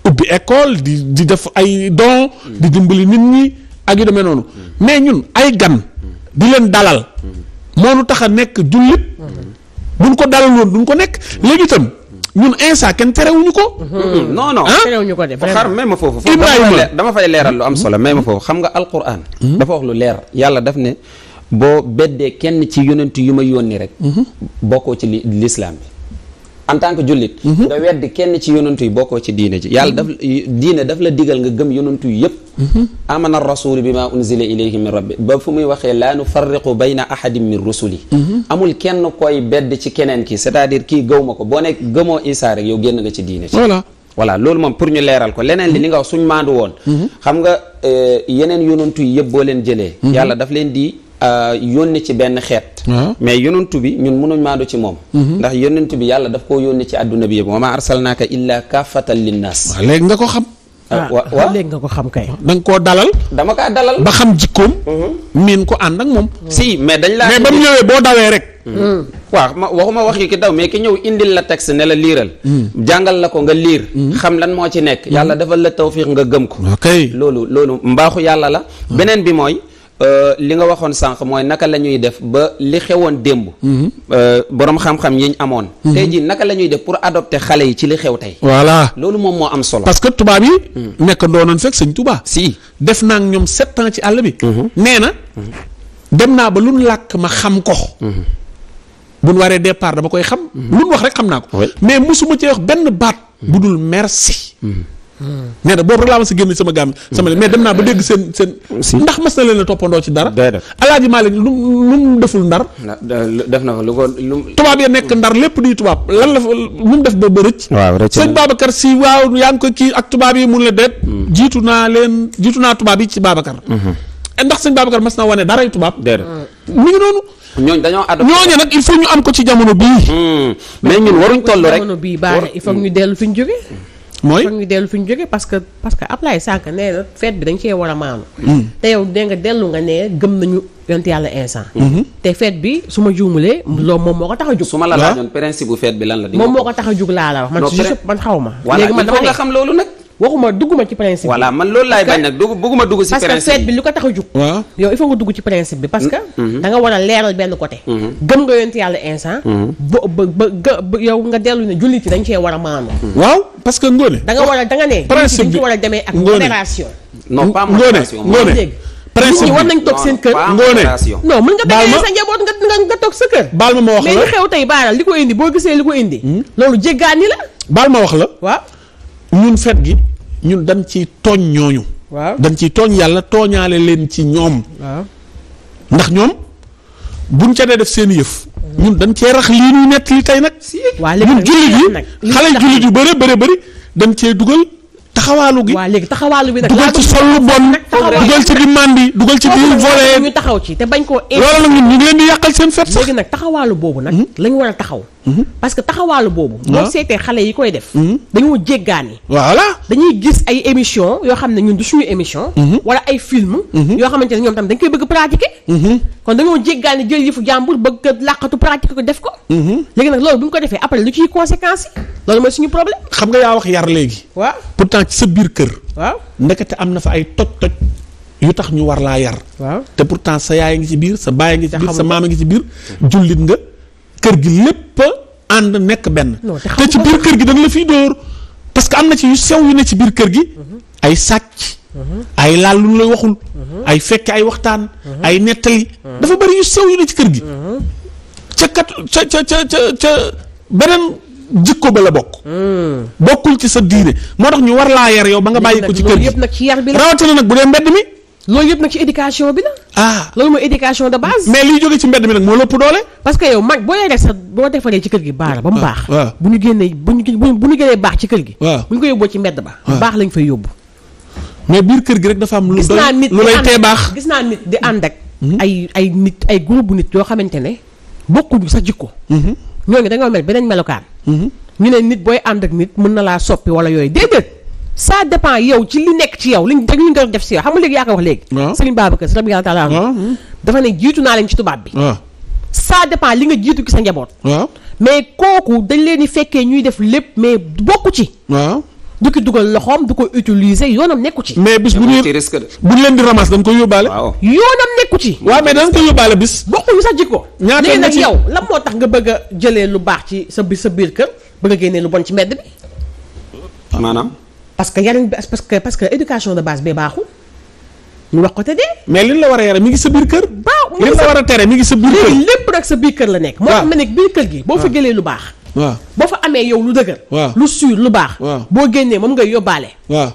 ubbi école di di def ay don di dimbali nit ñi ak yu demee noonu mais ñun ay gan di leen dalal moo nu tax a nekk jullit buñ ko dalal woon duñ ko nekk léegi itam ñun instant kenn terewuñu ko. non non ah? terewuñu ko de xar may ma foofu. Ibrahima dama fay leeral lu am solo may ma hmm? foofu xam nga alquran. Hmm? dafa wax lu leer yàlla daf ne boo beddee kenn ci yonent yu ma yónni rek. Hmm? bokkoo ci lislaam bi. en tant que jullit mhm. nga weddi kenn ci yonantu yi ci diine ji yàlla daf diine daf la digal nga gëm yonantu yëpp mhm. amana rasul bi ma unzila ilayhi min rabbi ba fu muy waxee laa nufarriqu bayna ahadin min rusuli mhm. amul kenn koy bedd ci keneen ki c'est-à-dire gëw ma ko boo gëmoo Isaa yow génn nga ci diine ci voilà loolu moom pour ñu leeral ko leneen li li nga wax suñ maandu woon xam nga euh, yeneen yonantu yëpp boo leen jëlee daf leen di Euh, yónni ci benn xeet ah. mais yonentu bi ñun mënuñ maandu ci moom mhm. ndax yonentu bi yàlla daf koo yónni ci àdduna bi yëpp wa maa arsalnaaka illaa kaafatan linnaas waaw léegi nga ko xam ah, ah, waaw léegi nga ko xam kay da koo dalal dama dalal ba xam jikkoom mhm. miin ko ànd ak moom si mais dañ laa mais dawee rek mhm. waaw ma waxuma wax yi ki daw mais ki ñëw indil la texte ne la liiral jàngal la ko nga liir xam lan moo ci nekk yàlla defal la tawfiq nga gëm ko loolu loolu mbaaxu yàlla la beneen bi mooy Euh, li nga waxoon sànq mooy naka la ñuy def ba li xewoon démb mhm. euh, boroom xam-xam yi ñu amoon mhm. tey jii naka la ñuy def pour adopter xale yi ci li xew tey voilà loolu moom moo am solo parce que tubaab yi mhm. nekk doonoon fekk sëñ tubaab si def naa ñoom sept ans ci àll bi nee na dem naa ba luñ làkk ma xam ko buñ waree départ dama koy xam lu luñ wax rek xam naa ko mais mosuma ci wax benn baat bu dul merci nee na boobu rek laa ma si génn sama gàmm sama ne mais dem naa ba dégg seen seen ndax mas na leen a toppandoo ci dara alaaji Malick lu lu mu deful ndar def na fa lu ko lu tubaab ya nekk ndar lépp di tubaab lan la lu mu def ba ba rëcc waaw rëcc sëñ Babacar si waaw yaa ngi ko kii ak tubaab yi mun la deet hmm. jiitu naa leen jiitu naa tubaab yi ci Babacar hmm. eh, ndax sëñ Babacar mas na wane dara yu tubaab mu ngi noonu ñooñu dañoo adopté ñooñu nag il faut ñu am ko ci jamono bii hmm. mais ñun waruñ toll rek jamono bii baax il faut dellu fi ñu mooy ñu dellu fi ñu jógee parce que parce que Ablaye Sànk nee na bi dañ cee war a maanu. Hmm. te yow dégg nga dellu nga ne gëm nañu yont yàlla instant. Hmm. te fête bi su ma juumulee. loolu moom moo ko tax a jug. su ma la laajoon principe bu fête bi lan la. moom moo ko tax a jug laa la wax man. man xaw ma. léegi man dama nga xam loolu nag. waxuma dugguma ci principe bi. voilà man loolu laay bañ nag dugg bëgguma dugg ci. principe parce lu ko tax a jug. waaw yow il nga dugg ci principe bi. parce que mm-hmm. mm-hmm. da war a leeral benn côté. Mm-hmm. gëm nga yonent yàlla instant. ba ba yow nga dellu ne jullit yi dañ cee war a maanu. waaw parce que ngoone. da nga war a da nga ne. principe bi dañ ci war a demee ak modération. non pas modération ngoone principe bi nañ toog seen kër. ngoone non mën nga tegee sa baal ma ma wax la mais li xew tey li ko indi boo gisee li ko indi. Hmm? loolu jéggaani la. baal ma wax la. waaw ñun fête gi ñun dañ ci tooñ ñooñu. waaw dañ ciy tooñ yàlla tooñaale leen ci ñoom. ndax ñoom buñ ca dee def seen yëf. ñun dañ cee rax lii ñuy nett li tey nag. waa léegi ñun jullit yi xale jullit yu bëri bëri bëri dañ cee dugal. taxawaalu gi waaw léegi bi nag dugal ci sol lu bon dugal ci di mandi dugal ci di volé taxaw ci te bañ koo. loolu nag ñu ngi leen di yàqal seen fet sax léegi nag taxawaalu boobu nag hmm? lañ war a taxaw. Mhm. parce que taxawaalu boobu. moo ah. seetee xale yi koy def. Mhm. dañoo jéggaani. voilà dañuy gis ay émission yoo xam ne ñun du suñu émission. Mhm. wala ay film. yoo xamante ne ñoom tam dañ koy bëgg pratiquer. kon dañoo jéggaani jël fu jàmbur bëgg a làqatu pratiquer ko def ko. léegi nag loolu bu ñu ko defee après lu ciy conséquences yi loolu mooy suñu problème. xam nga yaa wax yar léegi. waaw pourtant ci sa biir kër. waaw ndekete am na fa ay toj-toj. yu tax ñu war laa yar. waaw te pourtant sa yaay ngi ci biir sa baay ngi ci biir sa maam ngi ci biir jullit nga. kër gi lépp ànd nekk benn. te ci biir kër gi dañ la fi dóor parce que am na ci yu sew yu ne ci biir kër gi. Mm-hmm. ay sàcc. Mm-hmm. ay laal la waxul. Mm-hmm. ay fekke ay waxtaan. ay nettali. dafa bari yu sew yu ne ci kër gi. ca ca ca ca ca beneen jikko ba la bokk. Mm. bokkul ci sa diine moo tax ñu war laa yar yow ba nga bàyyi ko ci kër gi rawatina nag bu dee mbedd mi. loolu yëpp nag ci éducation bi la. ah loolu mooy éducation de base. mais liy jóge ci mbedd mi nag moo lëpp doole. parce que yow mag boo yoree sax boo defaree ci kër gi baara ba mu ah, baax. bu ñu génnee bu ñu bu ñu génnee baax ci kër gi. waaw bu ñu ko yóbboo ci mbedd ba. baax lañ fay yóbbu. mais biir kër gi rek dafa am. lu doy lu lay tee baax gis naa nit di ànd ak. Hmm? ay ay nit ay group bu nit yoo xamante ne bokkuñu sax jikko. Hmm? ñooñu dañoo mel beneen melokaan. Hmm? ñu ne nit booy ànd ak nit mën na laa soppi wala yooyu déedéet saa dépend yow ci li nekk ci yow liñ rek li nga def si yow xam nga léegi yaa ko wax léegi ah. Serigne Babacar si rabbi taala ah. dafa ne jiitu naa leen ci tubaab bi ah. ça dépend li nga jiitu ki sa njaboot mais kooku dañ leen di fekkee ñuy def lépp mais bokku ci du ki dugal loxoom du ko utiliser yoonam nekku ci. mais bis bu ñu bu ñu leen di ramas dañ koy yóbbaale. yoonam nekku ci. waaw mais dañ koy yóbbaale bis. bokkul sax jikko. ñaata nag yow lan moo tax nga bëgg a jëlee lu baax ci sa biir sa biir kër bëgg a génnee lu bon ci mbedd bi. parce que yarin parce que parce que éducation de base bee baaxul ñu wax ko te dee. mais li la war a yare mi ngi sa biir kër. baaw li la war a tere mi ngi sa biir kër lépp rek sa biir kër la nekk. moo tax ma nekk biir kër gi. boo fa jëlee lu baax. waaw boo fa amee yow lu dëgër. waaw lu suur lu baax. boo génnee moom ngay yóbbaale. waaw.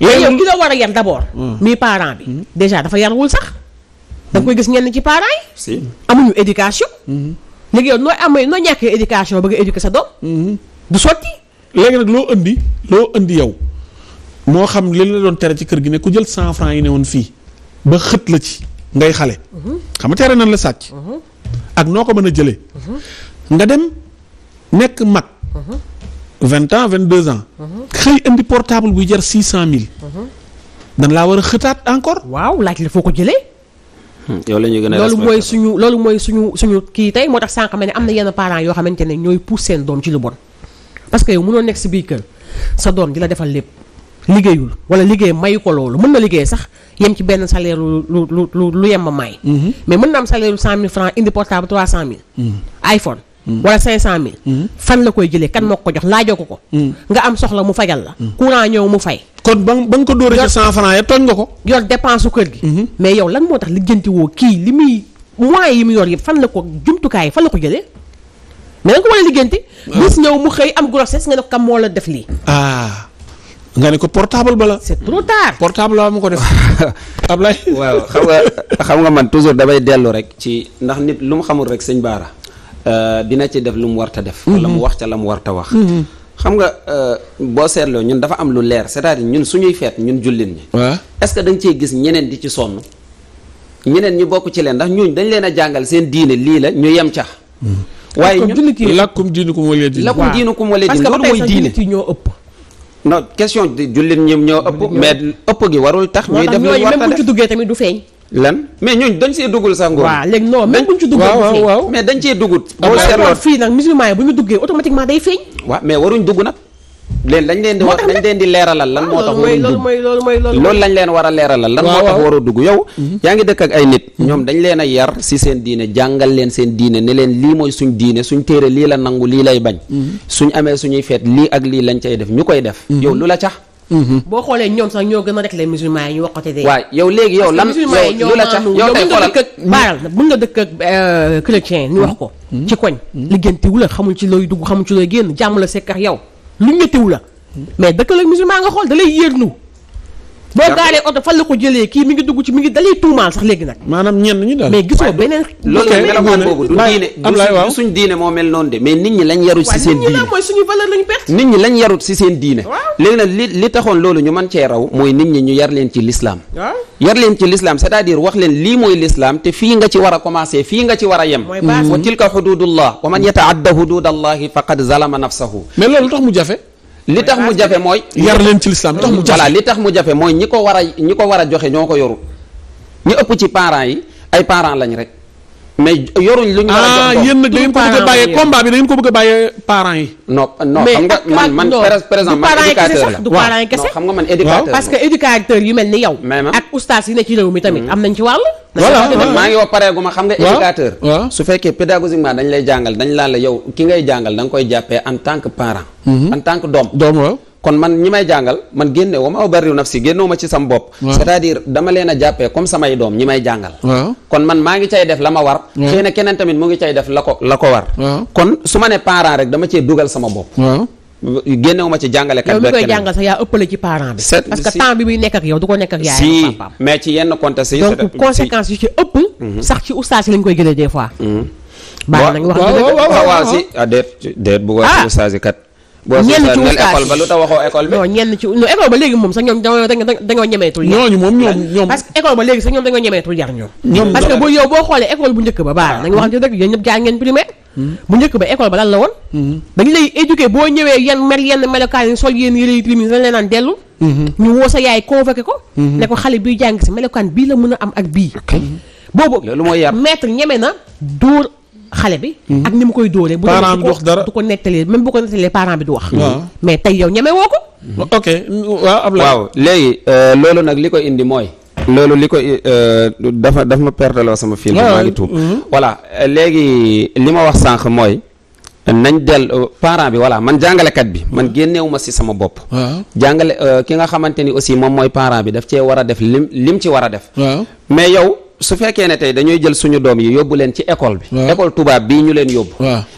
léegi yow ki la war a yar d' abord. Hmm. muy parent bi. Hmm. déjà dafa yarwul sax. Hmm. da koy gis ñenn ci parents yi. si amuñu éducation. léegi yow nooy amee noo ñàkkee éducation bëgg sa doom. léegi nag loo indi loo indi yow moo xam li la doon tere ci kër gi ne ku jël cent franc yi ne woon fii ba xët la ci ngay xale xam a tere nan la sàcc ak noo ko mën a jële nga dem nekk mag vingt ans vingt deux an xëy indi portable buy jar six cent mille dan laa war a xëtaat encore waaw laaj la foo ko jëlee hmm, yow la a loolu mooy suñu loolu mooy suñu suñu kii tey moo tax sànq ma ne am na yenn parents yoo xamante ne ñooy pousse seen doom ci lu bon parce que yow mënoo nekk si biir kër sa doom di la defal lépp liggéeyul wala liggéey mayu ko loolu mën na liggéey sax yem ci benn salaire lu lu lu lu yem a may. Mhm. mais mën na am salaire lu cent mille franc indi portable trois cent mille. Mhm. iPhone. Mhm. wala cinq cent mille. fan la koy jëlee kan moo ko jox laajoo ko ko. nga am soxla mu fajal la. courant ñëw mu fay. kon ba nga ko dóoree ca cent franc ya tooñ nga ko. yor dépense su kër gi. mais yow lan moo tax lijjanti kii li muy moyens yi mu yor yëpp fan la ko jumtukaay fan la ko jëlee. mais da nga ko war a liggéeyante. bis ñëw mu xëy am grossesse nga ne ko kam moo la def lii. ah nga ne ko portable bala la. c'est trop tard portable la ko def. Ablaye waaw xam nga xam nga man toujours damay dellu rek ci ndax nit lu mu xamul rek sëñ Baara. Euh, dina ci def lu mu warta def. Mhm. wala mu wax ca la mu warta wax. Mhm. xam nga euh, boo seetloo ñun dafa am lu leer c'est-à-dire ñun suñuy feet ñun jullit ñi. waaw que dañ cee gis ñeneen di ci sonn. ñeneen ñi bokk ci leen ndax ñu dañ leen a jàngal seen diine lii la ñu yem ca. Mhm. waaye ñun jullit yi lakkum diinukum wala diin lakkum diinukum wala diin loolu mooy diine ñoo ëpp non question jullit ñi ñoo ëpp mais ëpp tax ñuy def lu a def duggee tamit du feeñ lan mais ñooñ dañ see duggul sax ngoon waaw léegi non même buñ ci duggul waaw mais dañ cee duggul boo seetloo fii nag musulman yi bu ñu duggee automatiquement day feeñ waaw mais waruñ dugg nag leen dañ leen di wax leen di leeralal lan moo tax waru dugg loolu lañ leen war a leeralal lan moo tax waru dugg yow mhm. yaa ngi dëkk ak ay nit mhm. ñoom dañ leen a yar si seen diine jàngal leen seen diine ne leen lii mooy suñ diine suñ téere lii la nangu lii lay bañ mhm. suñ amee suñuy feet lii ak lii lañ cay def ñu koy def yow lu la cax boo xoolee ñoom sax ñoo gën a rek les musulmans yi ñu waxate de waaw yow léegi yow lan yow lu la cax yow tey xoolal baaral mën nga dëkk ak euh, chrétien ñu wax ko ci koñ liggéente wu la xamul ci looy dugg xamul ci looy génn jàmm la sekk ak yow lu ñu la mais dëkk la musulman nga xool da lay yéernu boo gaalee oto fan la ko jëlee kii mi ngi dugg ci mi ngi dalay tuumaal sax léegi nag. maanaam ñenn ñi daal mais gisoo beneen. loolu melokaan boobu du suñ diine moo mel noonu de mais nit ñi lañ yarut si seen diine lañ yarut si seen diine léegi nag li li taxoon loolu ñu man cee raw mooy nit ñi ñu yar leen ci l'islam yar leen ci l'islam c'est-à-dire wax leen lii mooy l'islam te fii nga ci war a commencer fii nga ci war a yem wa tilka hududullah wa man yataadda hududallah faqad zalama nafsahu mais loolu tax mu jafe li tax mu jafe mooy. yar leen ci lislaam li mu jafe li tax mu jafe mooy ñi ko war a ñi ko war a joxe ñoo ko yoru ñu ëpp ci parents yi ay parents lañ rek. mais yoruñ lu ñu war a jox ah, yéen nag ko bëgg a bàyyee combat bi da ngeen ko bëgg bàyyee parents yi. non non xam nga man man par exemple du parents yi kese xam nga man éducateur parce que éducateur yu mel ni yow. ak oustaz yi ne ci réew mi tamit hmm. am nañ ci wàll. voilà maa ngi wax pareegu ma xam nga éducateur. su fekkee pédagogiquement dañ lay jàngal dañ laa la yow ki ngay jàngal da koy jàppee en tant que parent. Hmm. en tant que doom doom waaw. kon man ñi may jàngal man génne wa ma bariw nafsi génnoo ma ci sam bopp c'est-à-dire dama leen a jàppee comme samay doom ñi may jàngal kon man maa ngi cay def la ma war xëy na keneen tamit mu ngi cay def la ko la ko war kon su ma ne parent rek dama cee dugal sama bopp génnewu ma ci jàngalekat yow mi koy jàngal sax yaa ëppale ci parent bi parce que temps bi muy nekk ak yow du ko nekk ak yaay si mais ci yenn contexte yi donc conséquences yu ci ëpp mhm. sax ci oustaz yi lañ koy jëlee des fois mhm. baax nañ wax waaw si ah, déet déet bu ko ah! oustaz yi kat ñenn ci ustaas yi ba lu tax waxoo école bi. non ñenn ci non école ba léegi moom sax ñoom dañoo dañoo ñemeetul yar. ñemeetul yar ñoom. ñoom parce que boo xoolee école bu njëkk ba baax nañu waxante rek yéen ñëpp jaar ngeen primaire. Hmm. bu njëkk ba école ba lan la woon. Hmm. dañu lay éduquer boo ñëwee yenn mer yenn melokaan sol yenn yëre yi tilim yi leen naan dellu. Hmm. ñu woo sa yaay convoqué ko. ne ko xale bii jàng si melokaan bii la mën a am ak bii. boobu maître ñeme na dóor xale bi. Mm-hmm. ak ni mu koy dóoree. bu parent bi du du ko nettalee même bu ko nettalee parent bi du wax. mais tey yow ñeme woo ko. Mm-hmm. ok waaw Ablaye. waaw léegi euh, loolu nag li koy indi mooy. loolu li ko euh, dafa dafa ma perteloo sama film maa mm-hmm. voilà léegi li ma wax sànq mooy nañ del euh, parent bi voilà man jàngalekat bi man génnewuma si sama bopp jàngale ki nga xamante ni aussi moom mooy parent bi daf cee war a def lim lim ci war a def mais yow su fekkee ne tey dañuy jël suñu doom yi yóbbu leen ci école bi. école tubaab bii ñu leen yóbbu.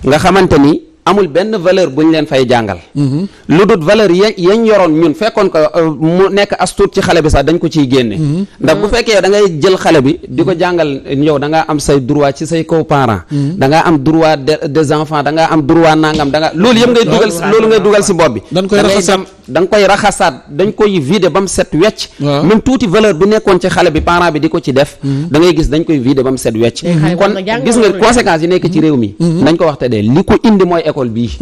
nga xamante ni amul benn valeur bu ñu leen fay jàngal mhm. lu dut valeur ya yañ yoroon ñun fekkoon ko euh, mu nekk as ci xale bi sax dañ ko ciy génne mhm. ndax bu ah. fekkee da ngay jël xale bi di ko mhm. jàngal yow da ngaa am say droit ci say coparents da ngaa am droit des enfants da ngaa am droit nangam da nga loolu yëpp dugal loolu ngay dugal si bopp bi da nga koy raxasaat dañ koy vider ba mu set wecc même tuuti valeur bi nekkoon ci xale bi parent bi di ko ci def da ngay gis dañ koy vider ba mu set wecc kon gis nga conséquences yi nekk ci réew mi nañ ko waxte dee li ko indi mooy école école bii.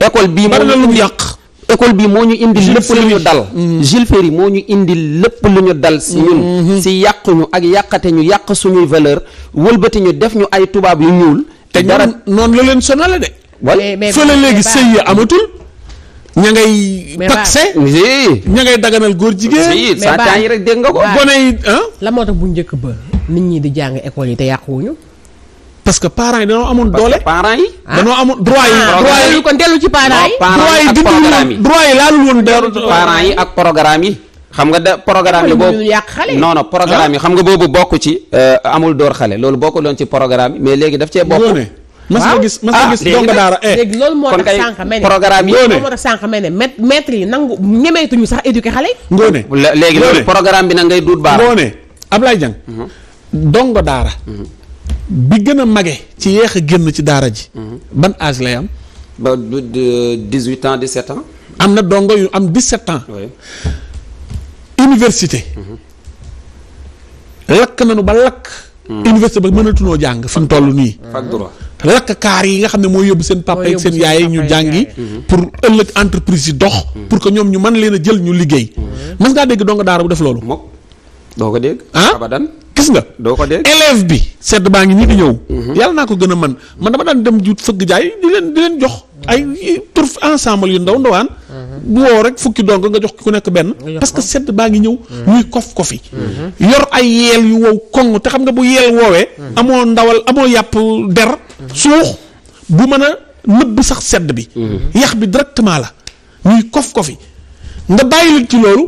école bii moo ñu yàq. école bii moo ñu indi lépp lu ñu dal. Mm-hmm. Jules moo ñu indi lépp lu ñu dal. si ñun mm-hmm. si yàq ñu ak yàqate ñu yàq suñuy valeur wëlbati ñu def ñu ay tubaab yu ñuul. te dara noonu la leen sonal de. mais mais fële léegi sëy yi amatul. ña ngay. taxe ña ngay daganal góor jigéen. mais yi rek dégg nga ko. gone la moo tax bu njëkk ba nit ñi di jàng école yi te yàquwuñu parce que parents yi dañoo amoon doole. parents yi. Ah. dañoo amoon droit yi. Ah. droit yi kon dellu ci parents yi. parents yi ak programme yi droit yi laalul woon dara. parents yi ak programme yi. xam nga da programme yi ah. xam nga boobu bokk ci. Euh, amul door xale loolu bokkul woon ci programme mais léegi daf cee bokk. mas nga gis mas nga gis donga daara eh. léegi loolu moo tax sànq mel ne programme yi loolu moo tax sànq sax éduquer xale yi ngoone léegi programme bi nag ngay duut baar ngoone Ablaye Dieng mhm. donga daara mhm. bi gën a magee ci yéex a génn ci daara ji. Mhm. ban âge lay am. ba dix huit ans dix sept ans. am na dongo yu am dix sept ans. Oui. université. Mhm. lakk nañu ba lakk. Mhm. université ba mënatunoo jàng fi mu toll nii. lakk kaar yi nga xam ne mooy yóbbu seen papa ak seen yaay ñu jàngi pour ëllëg entreprise yi dox. pour que ñoom ñu mën leen a jël ñu liggéey. mës ngaa dégg dongo daara bu def loolu. moom gis nga. doo ko dégg bi sedd baa ngi nii di ñëw. Mhm. yàlla naa ko gën a mën man dama daan dem juut fëgg jaay di leen di leen jox. ay tur ensemble yu ndaw ndawaan. Mhm. bu woo rek fukki dong nga jox ku nekk benn. parce que sedd baa ngi ñëw. Mhm. ñuy kof kofi. yor ay yeel yu wow koŋ te xam nga bu yeel woowee. amoo ndawal amoo yàpp der. suux bu mën a nëbb sax sedd bi. yax bi directement la ñuy kof kofi nga bàyyi leen ci loolu.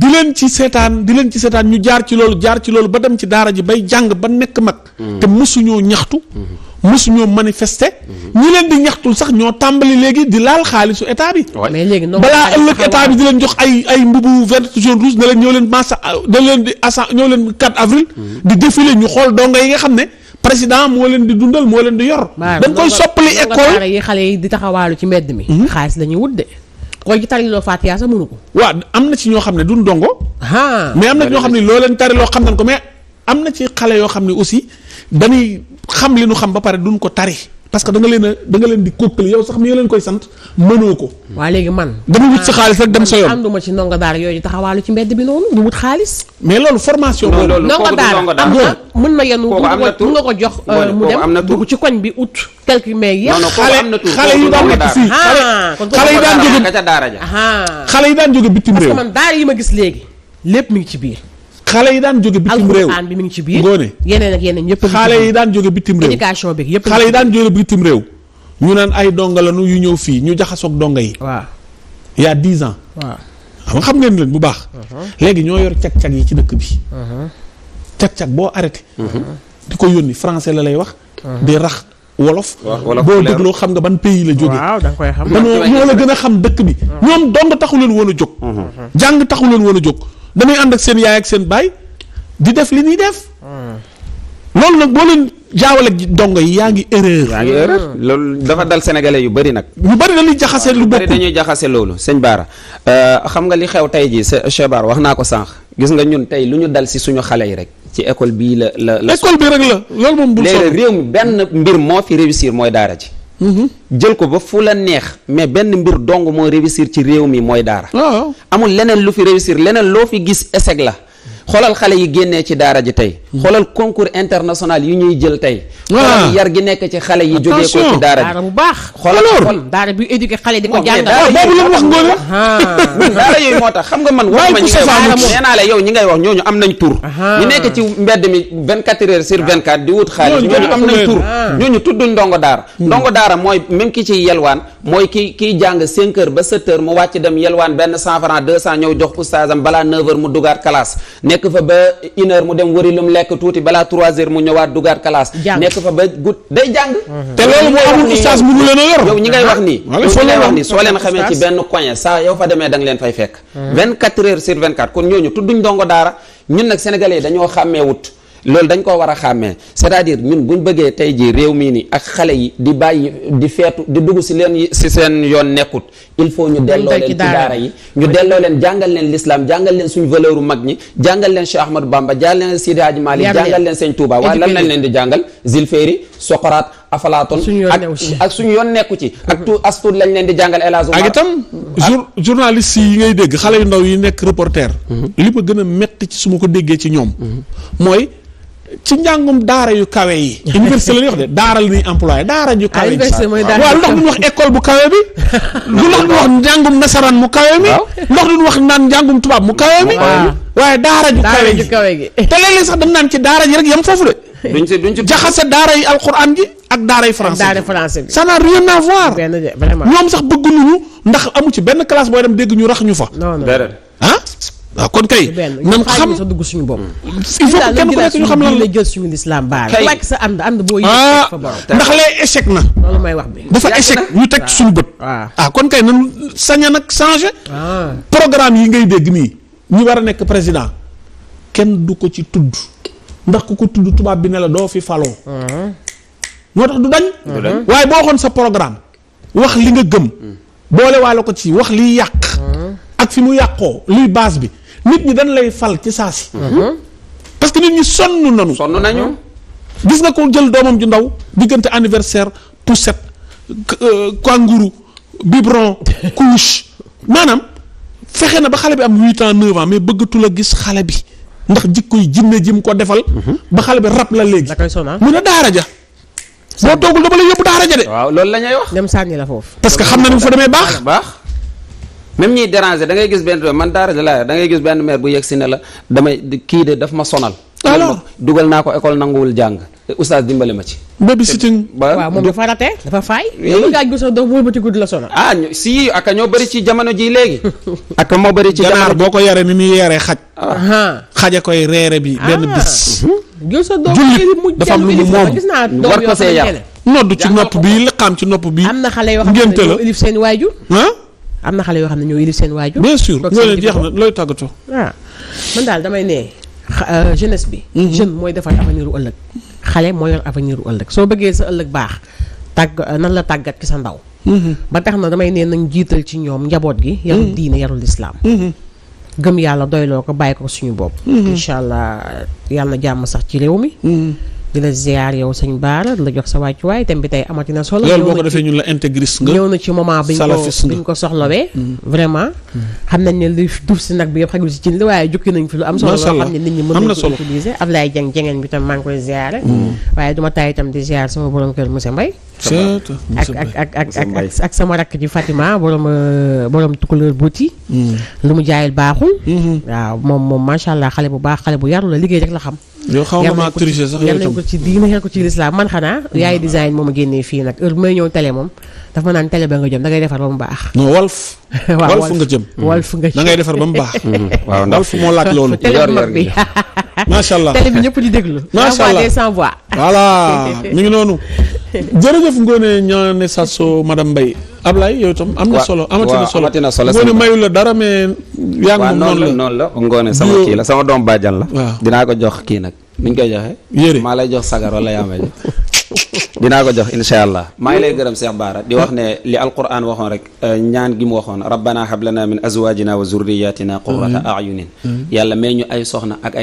di leen ci seetaan di leen ci seetaan ñu jaar ci loolu jaar ci loolu ba dem ci daara ji bay jàng ba nekk mag. Mm. te mësuñoo ñaxtu. Mm-hmm. mësuñoo manifester. Mm-hmm. ñi leen di ñaxtul sax ñoo tàmbali léegi di laal xaalisu état bi. mais léegi balaa ëllëg état bi di leen jox ay ay mbubu vert jaune rouge ne leen ñëw leen mars da leen di assa ñëw leen 4 avril. Mm-hmm. di défilé ñu xool dongo yi nga xam ne. président moo leen di dundal moo leen di yor. dañ koy soppali école yi xale yi di taxawaalu ci mbedd mi. xaalis la ñuy wut de. koy ci tari loo Fatiha sax mënu ko. waaw am na ci ñoo xam ne dun dongo. mais am na ñoo xam ne loo leen tari loo xam nañ ko mais am na ci xale yoo xam ne aussi dañuy xam li nu xam ba pare duñ ko tari. parce que danga leen a da nga leen di kókkale yow sax mi nga leen koy sant mënoo ko. waa léegi man. dama wut sa xaalis rek dem sa yoon ànduma ndongo daara yooyu taxawaalu ci mbedd bi noonu di xaalis. mais loolu formation. boobu ndongo daara na mën na yenn nga ko jox euh, mu dem dugg ci koñ bi ut. quelque mais yéen xale xale yi daan nekk fii ah, xale yi daan jóge ah. xale yi daan jóge bitim réew parce que man daara yi ma gis léegi lépp mi ngi ci biir xale yi daan jóge bitim réew alxuraan bi mi ngi ci biir ngoone yeneen ak yeneen ñëpp daan jóge bitim réew éducation bi yëpp xale daan jóge bitim réew ñu naan ay donga lanu yu ñëw fii ñu jaxasoog donga yi waaw il y a ans xam nga xam ngeen leen bu baax uh-huh. léegi ñoo yor cag-cag yi ci dëkk bi uh-huh. cag-cag boo arrêté uh-huh. di ko yónni français la lay wax di rax wolof boo dégloo xam nga ban pays la jóge danoo ñoo la gën a xam dëkk bi ñoom dong taxu leen woon a jóg jàng taxu leen woon a jóg dañuy ànd ak seen yaay ak seen baay di def li ñuy def. loolu nag boo leen jaawale dongo yi yaa ngi erreur. yaa ngi erreur ah. loolu dafa dal sénégalais yu bari nag. ñu bëri dañuy jaxase lu bokkul dañuy jaxase loolu sëñ Baara euh, xam nga li xew tey jii Cheikh Baara wax naa ko sànq gis nga ñun tey lu ñu dal si suñu xale yi rek ci école bii la la la. école bi rek la loolu moom. bul soog léegi réew mi benn mbir moo fi réussir mooy daara ji. Mm-hmm. jël ko ba fu la neex mais benn mbir dong moo réussir ci réew mi mooy daara ah. amul leneen lu fi réussir leneen loo fi gis échec la xoolal xale yi génnee ci daara ji tey hmm. xoolal concours international yi ñuy jël tey ah. xoolal yar gi nekk ci xale yi jógee ko ci daara ji bu baax xoolal daara bi éduqué xale di ko jàngal la wax ah. ngoone moo tax xam nga man waxuma ñi ngay wax nee la yow ñi ngay wax ñooñu am nañ tur ah. ñu nekk ci mbedd mi 24 heures sur 24 di wut xaalis ñooñu am nañ tur ñooñu tudd ndongo daara hmm. ndongo daara mooy même ki ci yelwaan mooy ki kiy jàng 5 ba 7 mu wàcc dem yelwaan benn 100 francs 200 ñëw jox oustazam balaa 9 heures mu dugaat classe nekk fa ba 1 mu dem wëri lu mu lekk tuuti balaa 3 heures mu ñëwaat dugaat classe. nekk fa ba gudd day jàng. Mhm. te loolu moo amul oustaz mënu leen a yor. yow ñi ngay wax nii ah, soo leen xamee ci benn coin saa yow fa demee da nga leen fay fekk. 24 mhm. heures sur 24 kon ñooñu tudduñ ndongo daara ñun nag sénégalais dañoo xàmmeewut loolu dañ koo war a xàmmee c'est-à-dire ñun buñ bëggee tey jii réew mii nii ak xale yi di bàyyi di feetu di dugg si leen si seen yoon nekkut il faut ñu delloo leen ci daara yi ñu delloo leen jàngal leen l'islam jàngal leen suñ valeur u mag ñi jàngal leen Cheikh Ahmadou Bamba jàngal leen Sidi Hadji Malick jàngal leen Sëñ waaye lan lañ leen di jàngal Zilféeri Socrate Aflaton ak ak suñu yoon nekku ci ak tu astuut lañ leen di jàngal El Hadji Omar ak itam jour journaliste yi ngay dégg xale yu ndaw yi nekk reporter mhm. li ma gën a metti ci su ko déggee ci ñoom mhm. ci njàngum daara yu kawe yi. université la ñuy wax de daara la ñuy employé daara yu kawe ah, yi. waaw ndox duñ wax école bu kawe bi. lu ndox duñ wax njàngum nasaraan mu kawe mi. ndox duñ wax naan njàngum tubaab mu kawe mi. waaye daara ju kawe gi kawe gi. te léeg-léeg sax dañu naan ci daara yi rek yam foofu de. duñ ci duñ ci jaxase daara yi alquran ji ak daara yi français daara français bi. ça n'a rien ñoom sax bëgguñu ndax amu ci benn classe booy dem dégg ñu rax ñu fa. non non waaw kon kay. nan xam sa dugg suñu bopp. il faut kenn ku nekk ñu xam lan la jël suñu lislaam baax sa ànd ànd boo ah, ndax lay échec na. loolu may wax bi dafa échec ñu teg suñu bët. ah, ah. ah kon kay nan saña nag changé. programme yi ngay dégg nii ñu war a nekk président kenn du ko ci tudd ndax ku ko tudd tubaab bi ne la doo fi faloo. moo tax du dañ. waaye boo waxoon sa programme wax li nga gëm. Mm. boole waale ko ci wax liy yàq. ak fi mu yàqoo luy base bi. nit ñi dañ lay fal ci saa si. Mhm. Hmm? parce que nit ñi sonn nañu. sonn nañu. Hmm. gis nga ko jël doomam ju ndaw diggante anniversaire poussette euh, kanguru biberon couche maanaam fexe na ba xale bi am huit ans neuf ans mais bëggatul a gis xale bi ndax jikkoy jinne jim ko defal. Mhm. ba xale bi rab la léegi. mu ne daara ja. boo toogul dama lay yóbbu daara ja de. waaw loolu la ñuy wax. dem sànni la foofu. que xam na ne bu fa demee baax. baax. même ñuy déranger da ngay gis benn man daara ji laa da ngay gis benn maire bu yegg si ne la damay kii de daf ma sonal. alors dugal naa ko école nanguwul jàng oustaz dimbali ma ci. baby sitting waaw moom dafa rate dafa faay. yow nga gis dox wëlbati guddi la sonal. ah si ak ñoo bëri ci jamono ji léegi. ak moo bari ci jamono ganaar boo ko yaree ni muy yaree xaj. Ah. xaja koy reere bi benn ah. bis. Mhm. gis sa dafa am lu mu moom war ko see yar nodd ci nopp bi liqaam ci nopp bi. am na xale yoo xam ne ngénte la seen am na xale yoo xam ne ñoo yilif seen waajur. bien sûr loolu na looy tàggatoo. ah man daal damay ne euh, jeunesse bi. Mhm. jeune mooy defar avenir u ëllëg. xale mooy yor avenir u ëllëg soo bëggee sa ëllëg baax tàgg euh, nan la tàggat ci sa ndaw. Mhm. ba tax na damay ne nañ jiital ci ñoom njaboot gi. yarul mhm. diine yarul lislaam gëm yàlla doyloo ko bàyyi ko suñu bopp. incha allah yàlla na jàmm sax ci réew mi. di la ziar yow sëñ Baara la jox sa waaye tam bi tey amati na solo. loolu boo ko defee ñun la intégriste nga. ñëw na ci moment bi ñu ko soxlawee. Mm. vraiment mm. xam nañ ne li duuf si nag bi yëpp xajul si cin li waaye jukki nañ fi lu am solo. loo xam ne nit ñi mën nañ ko utiliser Ablaye Dieng jengeen bi tam maa ngi koy ziare. Mm. waaye duma taay itam di ziar sama borom kër monsieur Mbaye. ak ak ak ak ak sama rakk ji Fatima borom euh, borom tukuleur buuti. lu mu jaayil baaxul. Mm-hmm. waaw moom macha allah xale bu baax xale bu yaru la liggéey rek la xam yow xaw ma tricher sax yar nañ ko ci diine yar ko man xanaa mm. yaay design moom a génnee fii nag heure may ñëw télé moom daf naan télé ba nga jëm da ngay defar ba mu baax non walf walf nga jëm mm. walf nga jëm da defar ba mu baax mm. waaw ndax moo laaj loolu télé bu mag bi macha allah télé bi ñëpp di déglu macha allah sans voix voilà ngi noonu jërëjëf Ngoné Niané Sassou madame Mbaye Ablaye yow itam am na solo amatina solo amatina solo Ngoné mayu la dara mais yaa ngi moom noonu la noonu la Ngoné sama kii la sama doom bàjjan la dinaa ko jox kii nag nuñ koy joxe yére maa lay jox sagar wala yaa jox dinaa ko jox insha allah maa ngi lay gërëm Cheikh Bara di wax ne li al alquran waxoon rek euh, ñaan gi mu waxoon rabbana hablana min azwajina wa zurriyatina qurrata a'yunin mm-hmm. yàlla may ñu ay soxna ak ay